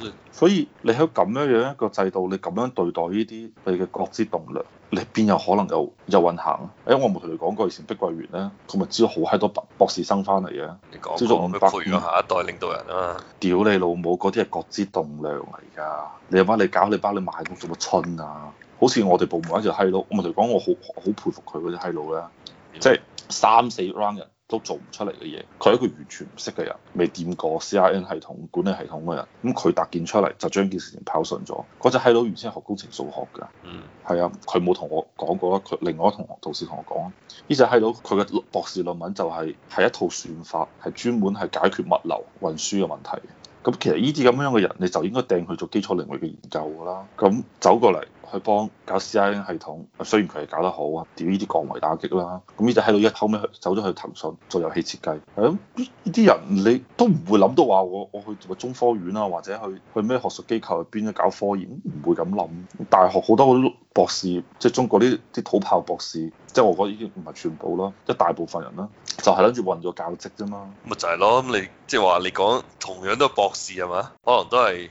啫。所以你喺咁樣樣一個制度，你咁樣對待呢啲你嘅國之棟樑，你邊有可能有有運行啊？哎、欸，我冇同你講過，以前碧桂園咧，佢咪招好閪多博士生翻嚟嘅，你招咗五百，培養下一代領導人啊！屌你老母，嗰啲係國之棟樑嚟噶，你包你搞，你包你賣屋做乜春啊？好似我哋部門嗰條閪佬，我咪同你講，我好好，好佩服佢嗰隻閪佬啦，嗯、即係三四 round 人。都做唔出嚟嘅嘢，佢係一個完全唔識嘅人，未掂過 CRN 系統管理系統嘅人，咁佢搭建出嚟就將件事情跑順咗。嗰隻閪佬原先學工程數學㗎，嗯，係啊，佢冇同我講過咯。佢另外一同學同事同我講，呢隻閪佬佢嘅博士論文就係、係、係一套算法，係專門係解決物流運輸嘅問題。咁其實呢啲咁樣嘅人，你就應該掟佢做基礎領域嘅研究㗎啦。咁走過嚟。去幫搞 C.I.N 系統，雖然佢係搞得好啊，屌呢啲降維打擊啦。咁呢就喺度，一後尾走咗去騰訊做遊戲設計。咁呢啲人你都唔會諗到話我我去做個中科院啊，或者去去咩學術機構入邊搞科研，唔會咁諗。大學好多嗰啲博士，即係中國啲啲土炮博士，即係我覺得已經唔係全部啦，一大部分人啦，就係諗住混咗教職啫嘛。咪就係咯，咁你即係話你講同樣都係博士係嘛？可能都係。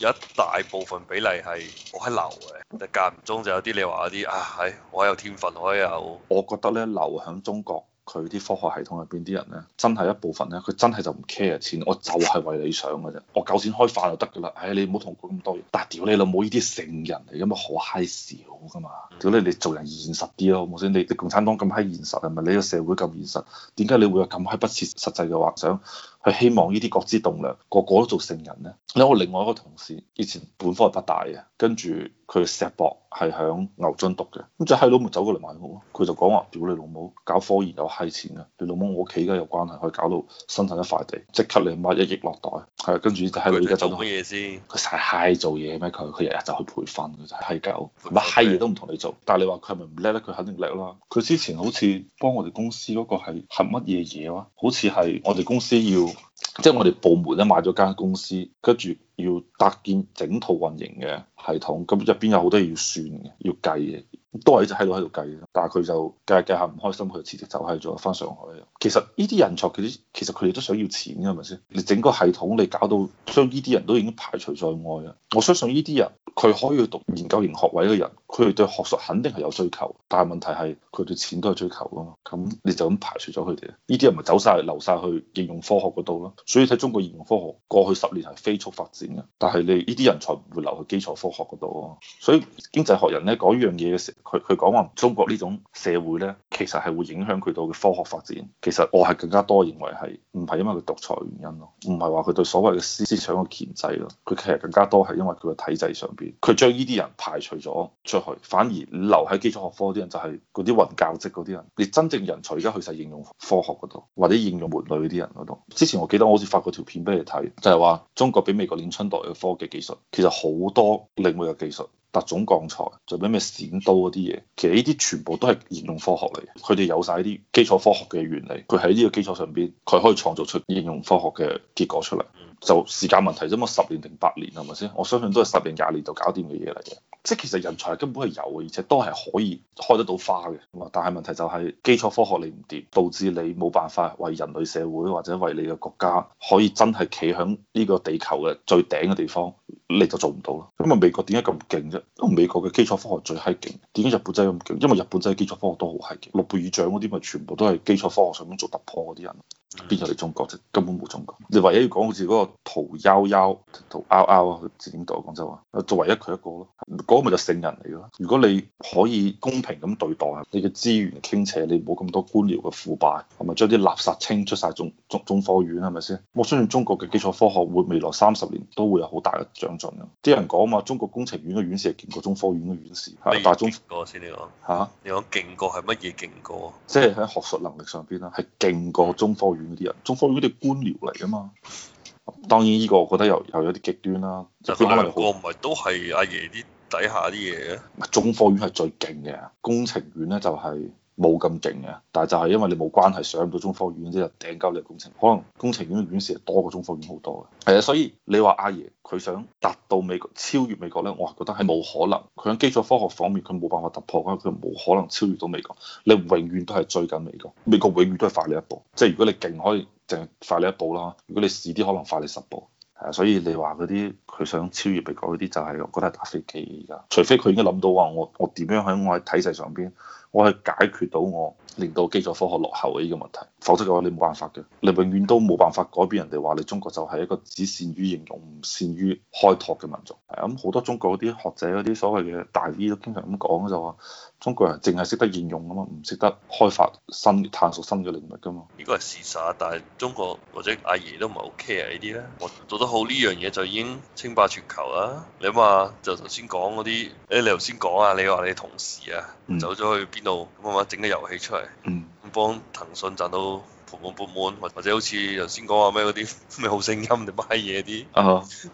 有一大部分比例係我喺流嘅，但係間唔中就有啲你話嗰啲啊，係我有天分，我有。我覺得咧，流響中國佢啲科學系統入邊啲人咧，真係一部分咧，佢真係就唔 care 錢，我就係為你想嘅啫。我夠錢開飯就得嘅啦。唉、哎，你唔好同佢咁多嘢。但屌你老母，呢啲聖人嚟，咁咪好閪少嘅嘛？屌你，你做人現實啲咯，好冇先。你你共產黨咁閪現實，係咪你個社會咁現實？點解你會有咁閪不切實際嘅幻想？佢希望呢啲國之棟樑個個都做成人咧。有我另外一個同事，以前本科係北大嘅，跟住佢碩博係響牛津讀嘅。咁就閪佬咪走過嚟買屋咯。佢就講話：，屌你老母，搞科研有閪錢㗎！你老母我屋企而家有關係，可以搞到生產一塊地，即刻你買一億落袋。係，跟住就係佢而家做乜嘢先？佢曬閪做嘢咩？佢佢日日就去培訓，就係狗，乜閪嘢都唔同你做。但係你話佢係咪唔叻咧？佢肯定叻啦。佢之前好似幫我哋公司嗰個係係乜嘢嘢哇？好似係我哋公司要。即係我哋部門咧買咗間公司，跟住要搭建整套運營嘅系統。咁入邊有好多嘢要算嘅，要計嘅。都係一直喺度喺度計，但係佢就計下計下唔開心，佢就辭職走係咗返上海。其實呢啲人才佢其實佢哋都想要錢嘅，係咪先？你整個系統你搞到將呢啲人都已經排除在外啊！我相信呢啲人佢可以讀研究型學位嘅人，佢哋對學術肯定係有追求，但係問題係佢對錢都係追求咯。咁你就咁排除咗佢哋，呢啲人咪走晒、流晒去應用科學嗰度咯。所以睇中國應用科學過去十年係飛速發展嘅，但係你呢啲人才唔會留去基礎科學嗰度咯。所以經濟學人咧講呢樣嘢嘅時，佢佢講話中國呢種社會呢，其實係會影響佢到嘅科學發展。其實我係更加多認為係唔係因為佢獨裁原因咯，唔係話佢對所謂嘅思想嘅鉗制咯。佢其實更加多係因為佢個體制上邊，佢將呢啲人排除咗出去，反而留喺基礎學科啲人就係嗰啲混教職嗰啲人。你真正人才而家去晒應用科學嗰度，或者應用門類嗰啲人嗰度。之前我記得我好似發過條片俾你睇，就係、是、話中國比美國年春代嘅科技技術，其實好多領域嘅技術。特種鋼材，做咩咩剪刀嗰啲嘢，其實呢啲全部都係應用科學嚟嘅。佢哋有晒啲基礎科學嘅原理，佢喺呢個基礎上邊，佢可以創造出應用科學嘅結果出嚟。就時間問題啫嘛，十年定八年係咪先？我相信都係十年廿年就搞掂嘅嘢嚟嘅。即係其實人才根本係有嘅，而且都係可以開得到花嘅。咁啊，但係問題就係基礎科學你唔掂，導致你冇辦法為人類社會或者為你嘅國家可以真係企喺呢個地球嘅最頂嘅地方。你就做唔到咯，因為美國點解咁勁啫？因為美國嘅基礎科學最閪勁，點解日本真係咁勁？因為日本真係基礎科學都好閪勁，諾貝爾獎嗰啲咪全部都係基礎科學上面做突破嗰啲人。變咗嚟中國就根本冇中國，你唯一要講好似嗰個屠優優、屠拗拗啊，知點讀啊？廣州啊，就唯一佢一個咯。嗰個咪就聖人嚟咯。如果你可以公平咁對待，你嘅資源傾斜，你冇咁多官僚嘅腐敗，係咪將啲垃圾清出晒？中中中科院係咪先？我相信中國嘅基礎科學會未來三十年都會有好大嘅長進嘅。啲人講啊嘛，中國工程院嘅院士係勁過中科院嘅院士，係，但係勁過先你講嚇，你講勁過係乜嘢勁過？即係喺學術能力上邊啦，係勁過中科院。嗯啲人中科院啲官僚嚟噶嘛，當然呢個我覺得又又有啲極端啦。就佢兩個唔係都係阿爺啲底下啲嘢嘅。中科院係最勁嘅，工程院咧就係、是。冇咁勁嘅，但係就係因為你冇關係，上唔到中科院之後，頂鳩你工程，可能工程院院士多過中科院好多嘅。係啊，所以你話阿爺佢想達到美國、超越美國咧，我係覺得係冇可能。佢喺基礎科學方面，佢冇辦法突破，佢冇可能超越到美國。你永遠都係追緊美國，美國永遠都係快你一步。即係如果你勁，可以淨係快你一步啦；如果你遲啲，可能快你十步。係啊，所以你話嗰啲佢想超越美國嗰啲，就係、是、我覺得係打飛機而家。除非佢已經諗到話，我我點樣喺我喺體制上邊？我係解決到我，令到基礎科學落後嘅呢個問題，否則嘅話你冇辦法嘅，你永遠都冇辦法改變人哋話你中國就係一個只善於形容唔善於開拓嘅民族。咁好多中國嗰啲學者嗰啲所謂嘅大 V 都經常咁講，就話中國人淨係識得應用啊嘛，唔識得開發新探索新嘅領域㗎嘛。呢個係事實，但係中國或者阿爺都唔係 OK 啊。呢啲啦。我做得好呢樣嘢就已經稱霸全球啦。你話就頭先講嗰啲，誒你頭先講啊，你話你同事啊走咗去邊度咁啊，整個遊戲出嚟。嗯，幫騰訊賺到盆滿缽滿，或或者好似頭先講話咩嗰啲咩好聲音定乜嘢啲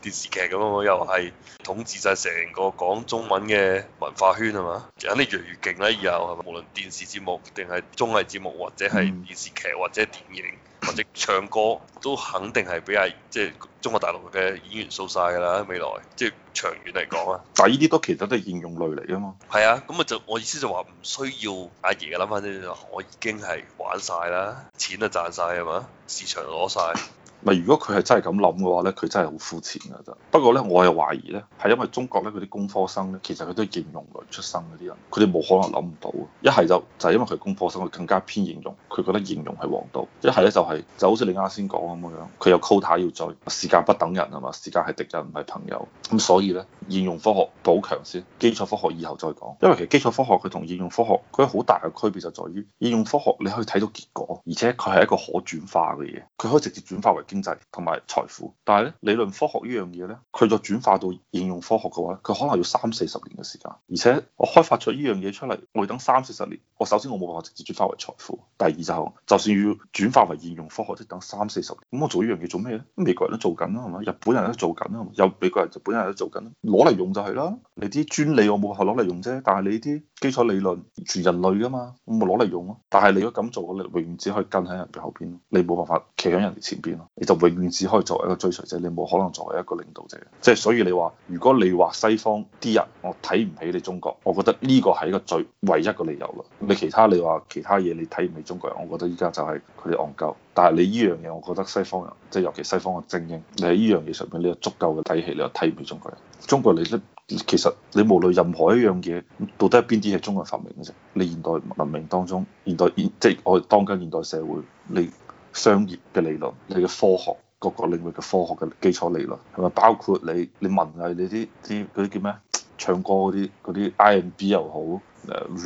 電視劇咁啊，又係統治晒成個講中文嘅文化圈係嘛？肯定越嚟越勁啦！以後係咪無論電視節目定係綜藝節目，或者係電視劇，或者電影，uh huh. 或者唱歌，都肯定係俾阿即係中國大陸嘅演員掃晒㗎啦！未來即係、就是、長遠嚟講啊，但係呢啲都其實都係應用類嚟㗎嘛。係啊，咁啊就我意思就話唔需要阿爺諗翻啲，我已經係玩晒啦，都賺晒係嘛？市場攞晒。咪，如果佢係真係咁諗嘅話呢，佢真係好膚淺㗎啫。不過呢，我又懷疑呢係因為中國呢，嗰啲工科生呢，其實佢都係應用類出生嗰啲人，佢哋冇可能諗唔到。一係就就係、是、因為佢工科生，佢更加偏應用，佢覺得應用係王道。一係呢就係、是、就好似你啱先講咁嘅樣，佢有 quota 要追，時間不等人啊嘛，時間係敵人唔係朋友。咁所以呢，應用科學補強先，基礎科學以後再講。因為其實基礎科學佢同應用科學佢好大嘅區別就在於，應用科學你可以睇到結果，而且佢係一個可轉化嘅嘢，佢可以直接轉化為經濟同埋財富，但係咧理論科學呢樣嘢咧，佢再轉化到應用科學嘅話咧，佢可能要三四十年嘅時間。而且我開發出呢樣嘢出嚟，我要等三四十年。我首先我冇辦法直接轉化為財富，第二就係、就算要轉化為應用科學，即等三四十年。咁我做，做呢樣嘢做咩咧？美國人都做緊啦、啊，係咪？日本人都做緊啦，有美國人、日本人都做緊、啊，攞嚟、啊、用就係啦。你啲專利我冇辦法攞嚟用啫，但係你啲基礎理論全人類㗎嘛，我咪攞嚟用咯、啊。但係你如果咁做，你永遠只可以跟喺人哋後邊，你冇辦法企喺人哋前邊咯。你就永遠只可以作為一個追隨者，你冇可能作為一個領導者。即係所以你話，如果你話西方啲人我睇唔起你中國，我覺得呢個係一個最唯一個理由啦。你其他你話其他嘢你睇唔起中國人，我覺得依家就係佢哋戇鳩。但係你依樣嘢，我覺得西方人，即係尤其西方嘅精英，你喺依樣嘢上面，你有足夠嘅底氣，你又睇唔起中國人。中國你咧，其實你無論任何一樣嘢，到底係邊啲係中國發明嘅啫？你現代文明當中，現代即係我當今現代社會你。商業嘅理論，你嘅科學各個領域嘅科學嘅基礎理論，係咪包括你你文藝、啊、你啲啲嗰啲叫咩？唱歌嗰啲嗰啲 R&B 又好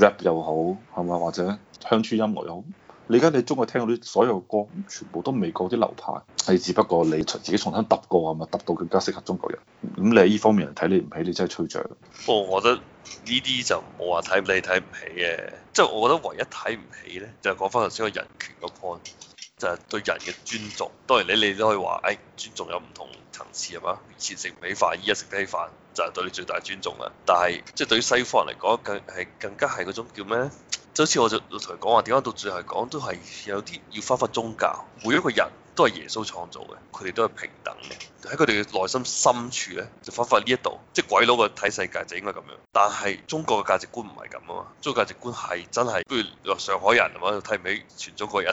，rap 又好，係咪或者鄉村音樂又好？你而家你中國聽嗰啲所有歌，全部都美國啲流派，係只不過你自己重新揼過係咪？揼到更加適合中國人。咁你喺呢方面嚟睇，你唔起你真係吹脹。不過我覺得呢啲就冇話睇你睇唔起嘅，即係我覺得唯一睇唔起咧，就係講翻頭先個人權個 point。就係對人嘅尊重。當然咧，你都可以話，誒、哎、尊重有唔同層次係嘛。以前食唔起飯，依家食得起飯，就係、是、對你最大嘅尊重啦。但係即係對於西方人嚟講，更係更加係嗰種叫咩？就好似我就我同佢講話，點解到最後講都係有啲要翻翻宗教。每一個人都係耶穌創造嘅，佢哋都係平等嘅。喺佢哋嘅內心深處咧，就發發呢一度，即係鬼佬嘅睇世界就應該咁樣。但係中國嘅價值觀唔係咁啊嘛，中國價值觀係真係譬如上海人啊嘛，睇唔起全中國人。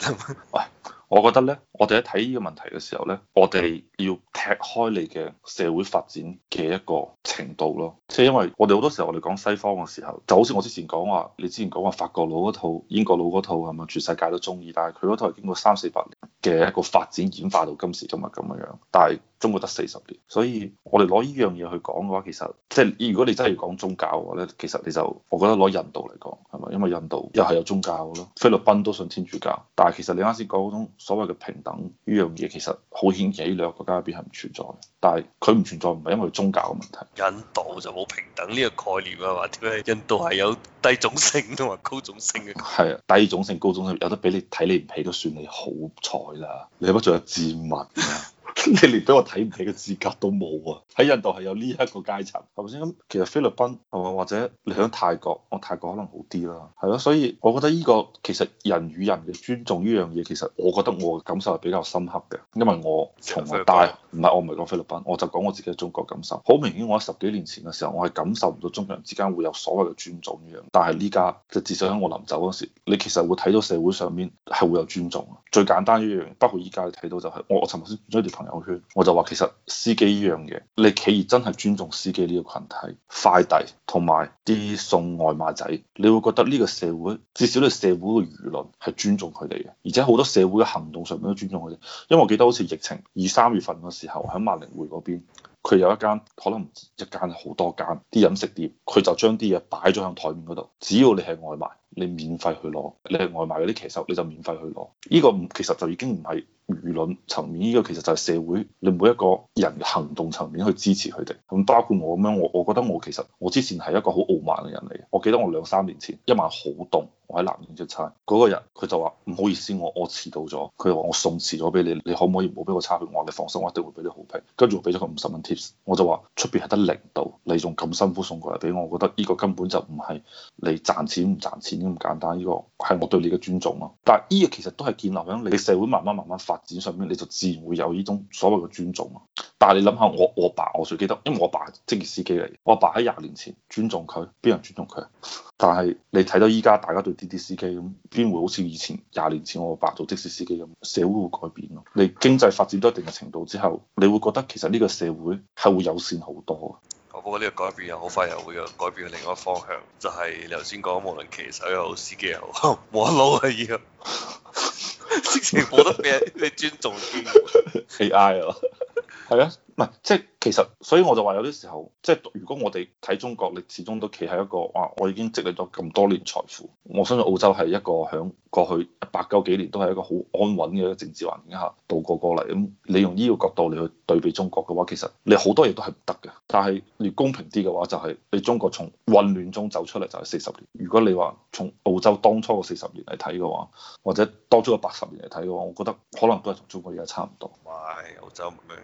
喂，我覺得咧，我哋喺睇呢個問題嘅時候咧，我哋要踢開你嘅社會發展嘅一個程度咯。即係因為我哋好多時候，我哋講西方嘅時候，就好似我之前講話，你之前講話法國佬嗰套、英國佬嗰套咁啊，係咪全世界都中意，但係佢嗰套係經過三四百年嘅一個發展演化到今時今日咁嘅樣，但係，中國得四十年，所以我哋攞呢樣嘢去講嘅話，其實即係如果你真係要講宗教嘅話咧，其實你就我覺得攞印度嚟講係咪？因為印度又係有宗教咯，菲律賓都信天主教，但係其實你啱先講嗰種所謂嘅平等呢樣嘢，其實好顯然呢兩個國家入邊係唔存在。但係佢唔存在唔係因為宗教嘅問題。印度就冇平等呢個概念啊嘛？點解印度係有低種姓同埋高種姓嘅？係低種姓、高種姓，有得俾你睇你唔起都算你好彩啦！你乜仲有賤物？啊？ *laughs* 你連俾我睇唔起嘅資格都冇啊！喺印度係有呢一個階層，係咪先咁？其實菲律賓係嘛，或者你喺泰國，我泰國可能好啲啦，係咯。所以我覺得呢個其實人與人嘅尊重呢樣嘢，其實我覺得我嘅感受係比較深刻嘅，因為我從來，但唔係我唔係講菲律賓，我就講我自己嘅中國感受。好明顯，我喺十幾年前嘅時候，我係感受唔到中國人之間會有所謂嘅尊重呢樣。但係呢家就至少喺我臨走嗰時，你其實會睇到社會上面係會有尊重。最簡單一樣，包括依家你睇到就係、係、我我尋日先轉咗條朋友。我就話其實司機呢樣嘢，你企業真係尊重司機呢個群體，快遞同埋啲送外賣仔，你會覺得呢個社會至少你社會嘅輿論係尊重佢哋嘅，而且好多社會嘅行動上面都尊重佢哋。因為我記得好似疫情二三月份嘅時候，喺萬菱匯嗰邊，佢有一間可能唔知一間好多間啲飲食店，佢就將啲嘢擺咗喺台面嗰度，只要你係外賣。你免費去攞，你係外賣嗰啲騎手，你就免費去攞。呢個唔其實就已經唔係輿論層面，呢個其實就係社會你每一個人行動層面去支持佢哋。咁包括我咁樣，我我覺得我其實我之前係一個好傲慢嘅人嚟。我記得我兩三年前一晚好凍，我喺南京出差嗰個人，佢就話唔好意思，我我遲到咗。佢話我送遲咗俾你，你可唔可以冇俾我差別？我話你放心，我一定會俾你好評。跟住我俾咗個五十蚊 tips，我就話出邊係得零度，你仲咁辛苦送過嚟俾我，我覺得呢個根本就唔係你賺錢唔賺錢咁簡單，呢個係我對你嘅尊重咯。但係呢嘢其實都係建立喺你社會慢慢慢慢發展上面，你就自然會有呢種所謂嘅尊重。但係你諗下，我我爸我最記得，因為我爸職業司機嚟，我爸喺廿年前尊重佢，邊人尊重佢啊？但係你睇到依家大家對滴滴司機咁，邊會好似以前廿年前我爸做的士司機咁？社會會改變咯。你經濟發展到一定嘅程度之後，你會覺得其實呢個社會係會友善好多。我估呢個改變又好快又會又改變的另外一個方向，就係、是、你頭先講，無論騎手又好，司機又好，冇得撈係要，直情冇得畀你尊重添，AI 啊，係啊。 *laughs* 唔係，即係其實，所以我就話有啲時候，即係如果我哋睇中國，你始終都企喺一個話，我已經積累咗咁多年財富。我相信澳洲係一個喺過去百九幾年都係一個好安穩嘅一個政治環境下度過過嚟。咁、嗯、你用呢個角度嚟去對比中國嘅話，其實你好多嘢都係唔得嘅。但係你公平啲嘅話，就係、是、你中國從混亂中走出嚟就係四十年。如果你話從澳洲當初嘅四十年嚟睇嘅話，或者當初嘅八十年嚟睇嘅話，我覺得可能都係同中國而家差唔多。唔係澳洲咩？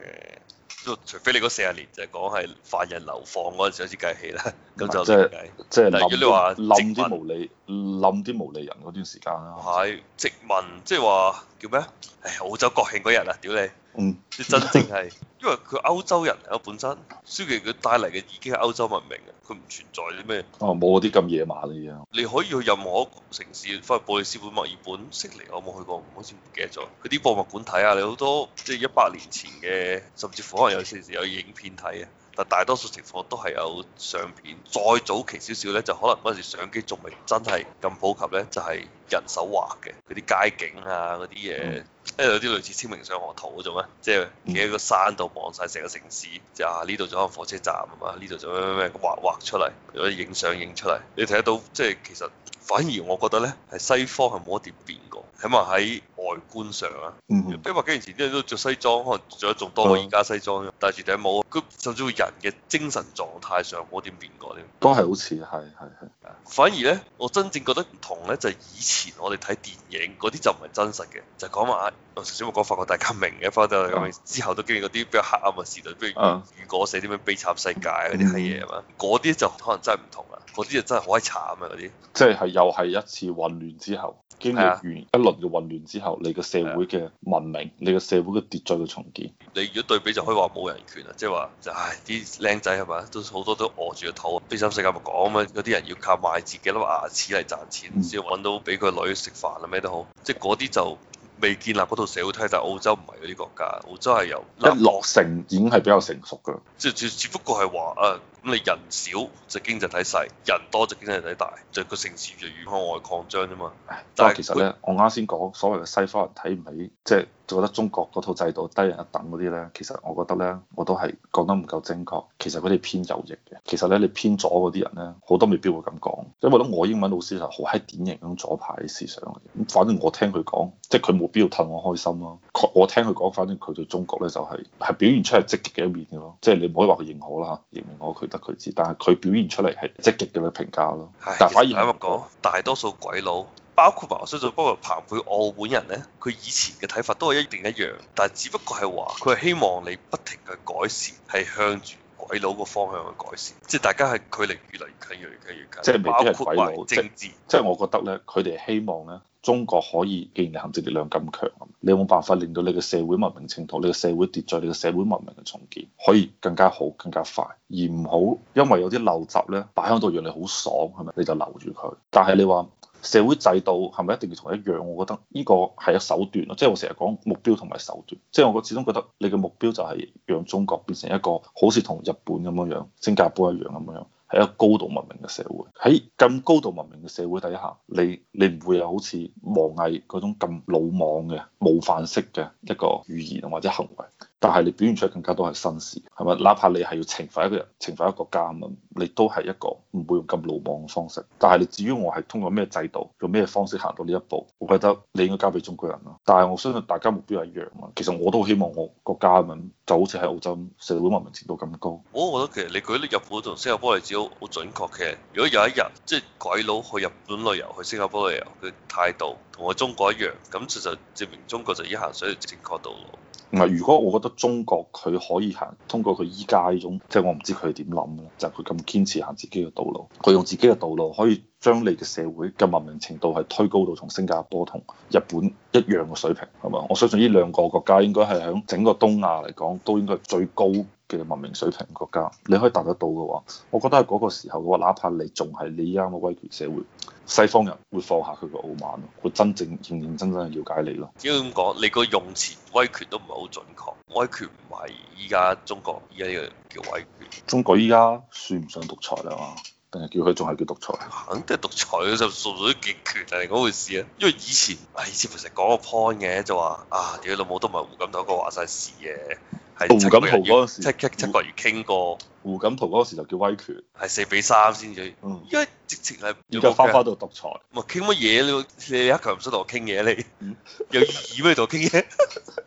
咁除非你嗰四十年就係講係犯人流放嗰陣時開始計起啦，咁 *laughs* 就即係，即係，例如你話冧啲無理，冧啲無理人嗰段時間啦。係殖民，即係話叫咩？唉，澳洲國慶嗰日啊，屌你！嗯，啲真正係，因為佢歐洲人啊，我本身，雖然佢帶嚟嘅已經係歐洲文明嘅，佢唔存在啲咩。哦，冇嗰啲咁野蠻嘅。依你可以去任何城市，翻去布里斯本、墨爾本、悉尼，我冇去過，好似唔記得咗。佢啲博物館睇下，你好多即係一百年前嘅，甚至可能有時有影片睇嘅，但大多數情況都係有相片。再早期少少咧，就可能嗰陣時相機仲未真係咁普及咧，就係、是。人手畫嘅嗰啲街景啊，嗰啲嘢，即係有啲類似清明上河圖嗰種咧，即係企喺個山度望晒成個城市，就啊呢度仲有個火車站啊嘛，呢度做咩咩咩畫畫出嚟，有啲影相影出嚟，你睇得到，即係其實反而我覺得咧，係西方係冇乜點變過，起碼喺外觀上啊，一百幾年前啲人都着西裝，可能着得仲多過依家西裝，戴住頂帽，佢、hmm. 甚至乎人嘅精神狀態上冇點變過添。都係好似係係係，反而咧我真正覺得唔同咧就係以前。以前前我哋睇電影嗰啲就唔係真實嘅，就是、講話小木哥發覺大家明嘅，翻到嚟咁樣之後都經歷嗰啲比較黑暗嘅時代，比如雨果寫啲咩悲慘世界嗰啲閪嘢啊嘛，嗰啲就可能真係唔同啊，嗰啲就真係好閪慘啊嗰啲，即係係又係一次混亂之後，經歷完一輪嘅混亂之後，啊、你個社會嘅文明，啊、你個社會嘅秩序嘅重建。你如果對比就可以話冇人權啊，即係話就是、唉啲靚仔係咪？都好多都餓住個肚，悲慘世界咪講咩？有啲人要靠賣自己粒牙齒嚟賺錢，先揾、嗯、到俾佢。個女食飯啊，咩都好，即係嗰啲就未建立嗰套社會體系，但係澳洲唔係嗰啲國家，澳洲係由一落成已經係比較成熟㗎，即係只只不過係話誒。你人少就經濟體細，人多就經濟體大，就個城市越嚟越向外擴張啫嘛。但係是其實咧，它 我啱先講所謂嘅西方人睇唔起，即、就、係、是、覺得中國嗰套制度低人一等嗰啲咧，其實我覺得咧，我都係講得唔夠正確。其實佢哋偏右翼嘅，其實咧你偏左嗰啲人咧，好多未必會咁講。因為咧，我英文老師就好閪典型咁左派思想嘅。反正我聽佢講，即係佢冇必要氹我開心咯、啊。我聽佢講，反正佢對中國咧就係、是、係表現出嚟積極嘅一面嘅咯。即、就、係、是、你唔可以話佢認可啦嚇，認唔認可佢佢知，但係佢表現出嚟係積極嘅去評價咯。但係反而坦白講，大多數鬼佬，包括包括甚至包括彭佩奧本人咧，佢以前嘅睇法都係一定一樣。但係只不過係話，佢係希望你不停嘅改善，係向住鬼佬個方向去改善，即係大家係距離越嚟越，越，越近，越嚟越近，越近。即係未必係鬼佬，即係即係我覺得咧，佢哋希望咧。中國可以，既然你行政力量咁強，你有冇辦法令到你嘅社會文明程度、你嘅社會秩序、你嘅社會文明嘅重建可以更加好、更加快，而唔好因為有啲陋習咧擺喺度，讓你好爽係咪？你就留住佢。但係你話社會制度係咪一定要同一樣？我覺得呢個係個手段咯，即係我成日講目標同埋手段，即係我始終覺得你嘅目標就係讓中國變成一個好似同日本咁樣樣、新加坡一樣咁樣樣。係一個高度文明嘅社會，喺咁高度文明嘅社會底下，你你唔會有好似王毅嗰種咁魯莽嘅冒犯式嘅一個語言或者行為。但係你表現出嚟更加多係紳士，係嘛？哪怕你係要懲罰一個人，懲罰一個家咁，你都係一個唔會用咁魯莽嘅方式。但係你至於我係通過咩制度、用咩方式行到呢一步，我覺得你應該交俾中國人咯。但係我相信大家目標係一樣啊。其實我都希望我國家咁就好似喺澳洲社會文明程度咁高。我覺得其實你舉例日本同新加坡例子好好準確嘅。如果有一日即係鬼佬去日本旅遊，去新加坡旅遊嘅態度同我中國一樣，咁其實證明中國就已經行咗正確道路。唔係，如果我覺得中國佢可以行，通過佢依家呢種，即係我唔知佢點諗啦，就係佢咁堅持行自己嘅道路，佢用自己嘅道路可以。將你嘅社會嘅文明程度係推高到同新加坡同日本一樣嘅水平，係嘛？我相信呢兩個國家應該係喺整個東亞嚟講都應該係最高嘅文明水平國家。你可以達得到嘅話，我覺得係嗰個時候嘅話，哪怕你仲係你依家嘅威權社會，西方人會放下佢嘅傲慢咯，會真正認認真真去了解你咯。只要咁講，你個用詞威權都唔係好準確，威權唔係依家中國依家呢個叫威權。中國依家算唔上獨裁啦嘛？定係叫佢仲係叫獨裁？肯定係獨裁，佢就屬於極權嚟嗰回事啊！因為以前，以前唔成講個 point 嘅，就話啊，你老母都唔係胡錦濤嗰個話晒事嘅？係胡錦濤嗰時七，七七七個月傾過胡錦濤嗰時就叫威權，係四比三先至。因為直情係，又翻翻到獨裁。唔係傾乜嘢？你你克強唔想同我傾嘢你？你你嗯、有意義咩？度我傾嘢？ *laughs*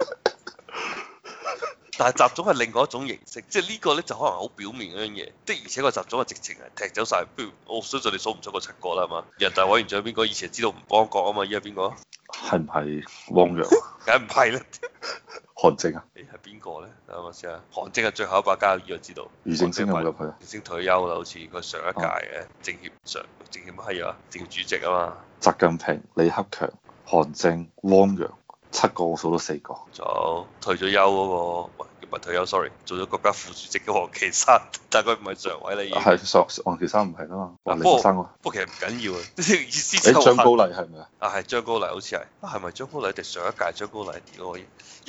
*laughs* 但係集總係另外一種形式，即、就、係、是、呢個咧就可能好表面嗰樣嘢，的而且個集總嘅直情係踢走晒。不如我相信你數唔出過七個啦，係嘛？人大委員長邊個？以前知道吳邦國啊嘛，依家邊個？係唔係汪洋？梗唔係啦 *laughs* ，韓正啊？你係邊個咧？諗下先啊，韓正係最後一把交椅就知道，而正先冇咗佢啊。政先退休啦，好似佢上一屆嘅政協上、啊、政協乜係啊？政協主席啊嘛。習近平、李克強、韓正、汪洋。七個我數到四個，仲有退咗休嗰個，唔係退休，退休，sorry，做咗國家副主席嘅王岐山，但佢唔係常委你啊，係，王王岐山唔係啊嘛，王岐山啊。不過， *laughs* 不過其實唔緊要啊，啲意思。誒、啊，張高麗係咪啊？啊，係張高麗，好似係，係咪張高麗？定上一屆張高麗啲咯？因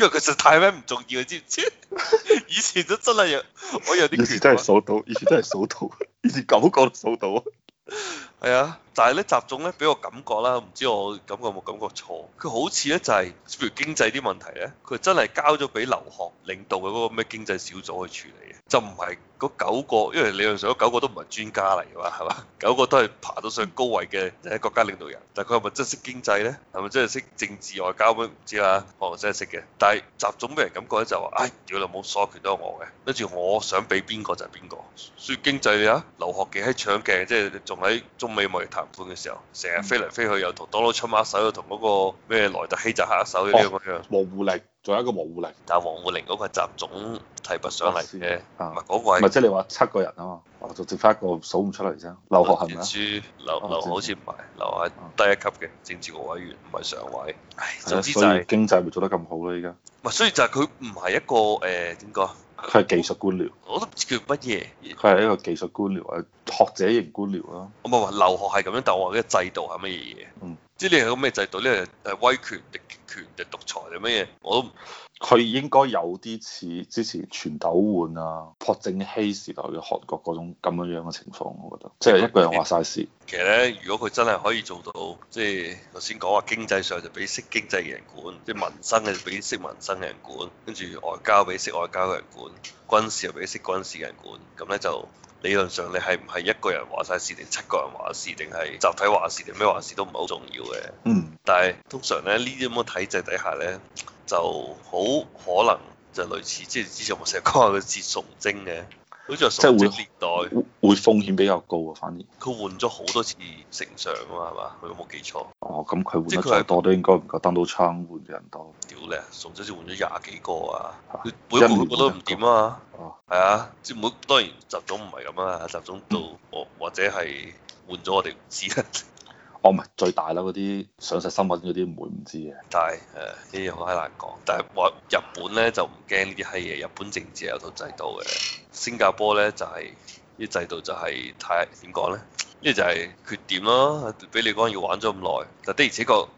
為佢實太咩唔重要，你知唔知？ *laughs* 以前都真係有，我有啲。以前真係數到，以前真係數到，以前九個都數到 *laughs* 啊，係啊。但係咧，習總咧俾我感覺啦，唔知我感覺冇感覺錯。佢好似咧就係，譬如經濟啲問題咧，佢真係交咗俾劉鶴領導嘅嗰個咩經濟小組去處理，就唔係嗰九個，因為理論上九個都唔係專家嚟㗎嘛，係嘛？九個都係爬到上高位嘅國家領導人，但係佢係咪真係識經濟咧？係咪真係識政治外交？咁唔知啦。可能我真係識嘅，但係習總俾人感覺咧就話，唉，原來冇所權都係我嘅，跟住我想俾邊個就係邊個。説經濟啊，劉鶴嘅喺搶鏡，即係仲喺中美摩擦嘅時候，成日飛嚟飛去，又同多佬出握手，又同嗰個咩萊特希澤握手個，咁樣模糊力，仲有一個模糊力。但係模糊力嗰個係習總提拔上嚟嘅，唔係嗰位，唔係即係你話七個人啊嘛。就仲跌翻一個數唔出嚟啫。劉學恆啊，劉劉好似唔係，劉係低一級嘅政治局委員，唔係常委。唉，嗯、總之就是、經濟咪做得咁好咯，依家。唔係，所以就係佢唔係一個誒，點、呃、講？佢係技術官，官僚，我都唔知叫乜嘢。佢係一個技術官僚，誒學者型官僚啦。唔係話留學係咁樣，但係我話呢個制度係乜嘢嘢？嗯，即係你係個咩制度？呢係誒威權定權定獨裁定乜嘢？我都。佢應該有啲似之前全斗煥啊、朴正熙時代嘅韓國嗰種咁樣樣嘅情況，我覺得即係、就是、一個人話晒事。其實咧，如果佢真係可以做到，即係頭先講話經濟上就俾識經濟嘅人管，即係民生嘅就俾識民生嘅人管，跟住外交俾識外交嘅人管，軍事又俾識軍事嘅人管，咁咧就理論上你係唔係一個人話晒事，定七個人話事，定係集體話事，定咩話事都唔係好重要嘅。嗯。但係通常咧，呢啲咁嘅體制底下咧。就好可能就類似，即係之前我成日講話佢折崇禎嘅，好似話崇禎年代會,會風險比較高啊，反而佢換咗好多次丞相啊嘛，係嘛？佢有冇記錯？哦，咁佢換得再多都應該唔夠 Donald Trump 換嘅人多。屌你崇禎先換咗廿幾個啊，佢、啊、是每一個,一個,一個,一個都唔掂啊，係啊，即每、啊、當然習總唔係咁啊，習總都，嗯、或者係換咗我哋唔知啦、啊。哦，唔係最大啦，嗰啲上述新聞嗰啲唔會唔知嘅。但係誒，啲嘢好閪難講。但係話日本咧就唔驚呢啲閪嘢，日本政治有套制度嘅。新加坡咧就係、是、啲制度就係、是、太點講咧，呢就係缺點咯。俾你講要玩咗咁耐，但的而且確，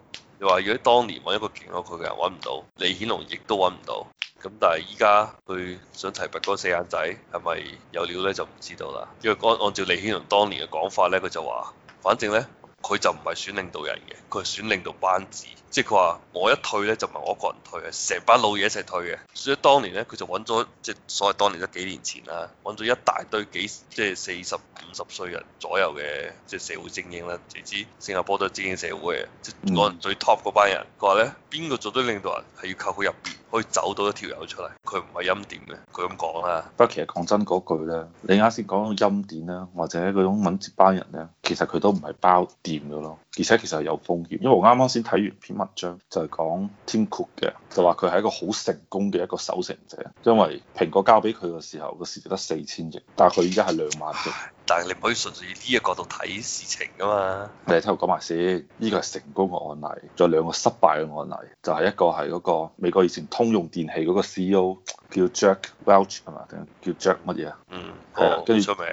你話如果當年揾一個勁過佢嘅人揾唔到，李顯龍亦都揾唔到。咁但係依家佢想提拔嗰四眼仔，係咪有料咧就唔知道啦。因為按照李顯龍當年嘅講法咧，佢就話，反正咧。佢就唔係選領導人嘅，佢係選領導班子，即係佢話我一退咧就唔係我一個人退嘅，成班老嘢一齊退嘅。所以當年咧，佢就揾咗即係所謂當年即係幾年前啦，揾咗一大堆幾即係四十五十歲人左右嘅即係社會精英啦。誰知新加坡都係精英社會嘅，即係可能最 top 嗰班人，佢話咧邊個做到領導人係要靠佢入邊可以走到一條友出嚟，佢唔係欽點嘅，佢咁講啦。不過其實講真嗰句咧，你啱先講到欽點啦，或者嗰種揾接班人咧，其實佢都唔係包掂，而且其實係有風險，因為我啱啱先睇完篇文章，就係、是、講 Tim Cook 嘅，就話佢係一個好成功嘅一個守成者，因為蘋果交俾佢嘅時候個市值得四千億，但係佢依家係兩萬億。但係你唔可以純粹以呢一個角度睇事情㗎嘛？你聽我講埋先，呢、這個係成功嘅案例，仲有兩個失敗嘅案例，就係、是、一個係嗰個美國以前通用電器嗰個 CEO 叫 Jack Welch 係咪？叫 Jack 乜嘢啊？嗯，係、哦、啊，跟住出名。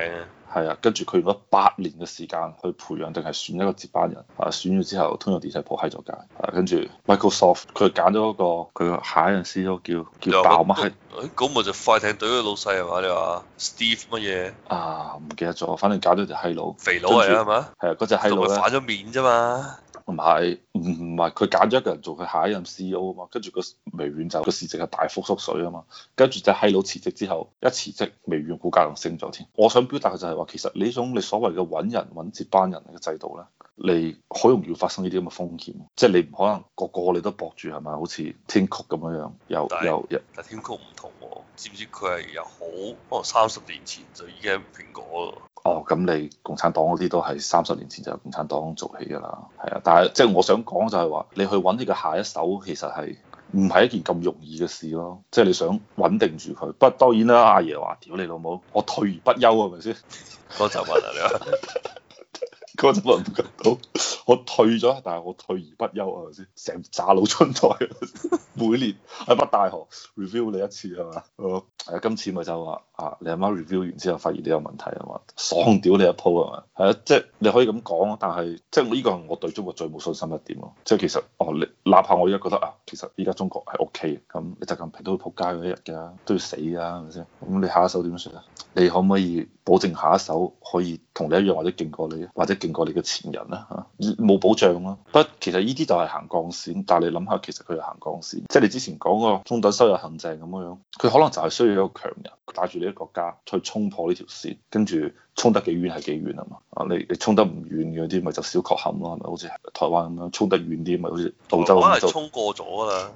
係啊，跟住佢用咗八年嘅時間去培養，定係選一個接班人。啊，選咗之後，通用電掣破喺咗界。啊，跟住 Microsoft 佢揀咗一個佢下一任 CEO 叫叫鮑乜閪。咁咪就快艇隊嘅老細係嘛？你話 Steve 乜嘢？啊，唔記得咗，反正揀咗隻閪佬。肥佬嚟係嘛？係啊，嗰隻閪佬反咗面啫嘛。同埋唔係佢揀咗一個人做佢下一任 CEO 啊嘛，跟住個微軟就個、是、市值係大幅縮水啊嘛，跟住就閪佬辭職之後一辭職，微軟股價仲升咗添。我想表達嘅就係話，其實呢種你所謂嘅揾人揾接班人嘅制度咧，你好容易發生呢啲咁嘅風險，即係你唔可能個個，個你都博住係咪？好似 Tim Cook 咁樣樣又又又，但係 Tim Cook 唔同喎，知唔知佢係有好可能三十年前就已經蘋果嘞。哦，咁你共產黨嗰啲都係三十年前就係共產黨做起噶啦，係啊，但係即係我想講就係話，你去揾呢個下一手其實係唔係一件咁容易嘅事咯，即係你想穩定住佢，但當然啦，阿爺話：屌你老母，我退而不休係咪先？我走埋啦，你，我走埋都。我退咗，但係我退而不休啊！係咪先？成炸老春代，每年喺北大學 review 你一次係嘛？誒，係啊， *laughs* 今次咪就話啊，你阿媽 review 完之後發現你有問題啊嘛？爽屌你一鋪啊嘛？係啊，即係你可以咁講，但係即係呢個係我對中國最冇信心一點咯。即係其實哦，你哪怕我而家覺得啊，其實依家中國係 OK 嘅，咁你習近平都要仆街嗰一日㗎，都要死㗎，係咪先？咁你下一首點算啊？你可唔可以保證下一首可以同你一樣，或者勁過你，或者勁過你嘅前人啊？嚇！冇保障咯，不過，其實呢啲就係行鋼線，但係你諗下，其實佢係行鋼線，即係你之前講個中等收入陷阱咁樣，佢可能就係需要一個強人帶住呢個國家去衝破呢條線，跟住衝得幾遠係幾遠啊嘛？你你衝得唔遠嗰啲咪就小確陷咯，係咪？好似台灣咁樣衝得遠啲，咪好似澳洲咁樣，台灣係衝過咗啦，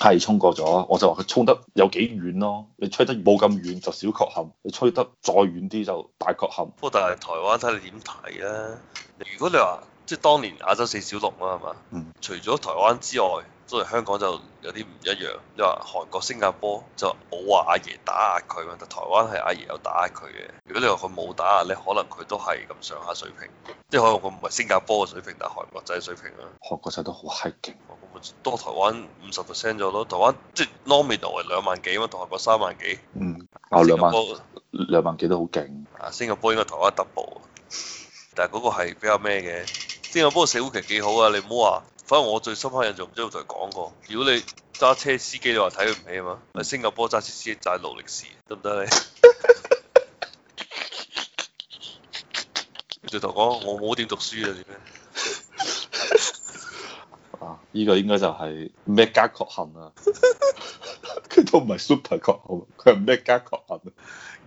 係衝過咗，我就話佢衝得有幾遠咯，啊？你吹得冇咁遠就小確陷，你吹得再遠啲就大確陷。不過但係台灣睇你點睇啊？如果你話，即係當年亞洲四小龍啦，係嘛？嗯。除咗台灣之外，都係香港就有啲唔一樣。因為韓國、新加坡就冇話阿爺打壓佢，但係台灣係阿爺有打壓佢嘅。如果你話佢冇打壓咧，可能佢都係咁上下水平。即係可能佢唔係新加坡嘅水平，但係韓國仔嘅水平啊。韓國仔都好閪勁。咁咪多台灣五十 percent 咗咯？台灣即係 nominal 係兩萬幾嘛，同韓國三萬幾。嗯。牛兩萬。兩萬幾都好勁。啊！新加坡應該台灣 double，但係嗰個係比較咩嘅？新加坡社會其實幾好啊，你唔好話。反正我最深刻印象，唔知有同佢講過。如果你揸車司機，你話睇佢唔起啊嘛。喺新加坡揸車司機就係勞力士，得唔得你？你同我講，我冇點讀書啊，做咩？啊，依、呢個應該就係咩家確幸啊！ *laughs* *laughs* 都唔係 super 窮，佢係咩階級啊？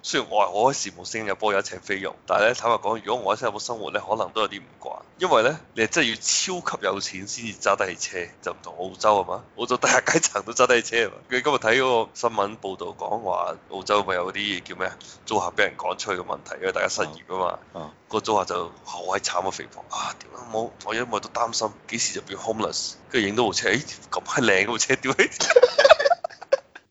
雖然我係我喺羨慕星人有波有車飛用，但係咧坦白講，如果我喺星人度生活咧，可能都有啲唔慣，因為咧你係真係要超級有錢先至揸得起車，就唔同澳洲係嘛？澳洲低下階層都揸得起車。佢今日睇嗰個新聞報導講話，澳洲咪有啲叫咩租客俾人趕出去嘅問題，因為大家失業啊嘛。個、嗯嗯、租客就好閪慘啊，肥胖啊，點啊冇我因為都擔心幾時就變 homeless，跟住影到部車，咦咁閪靚嗰部車，點解？ *laughs* *laughs*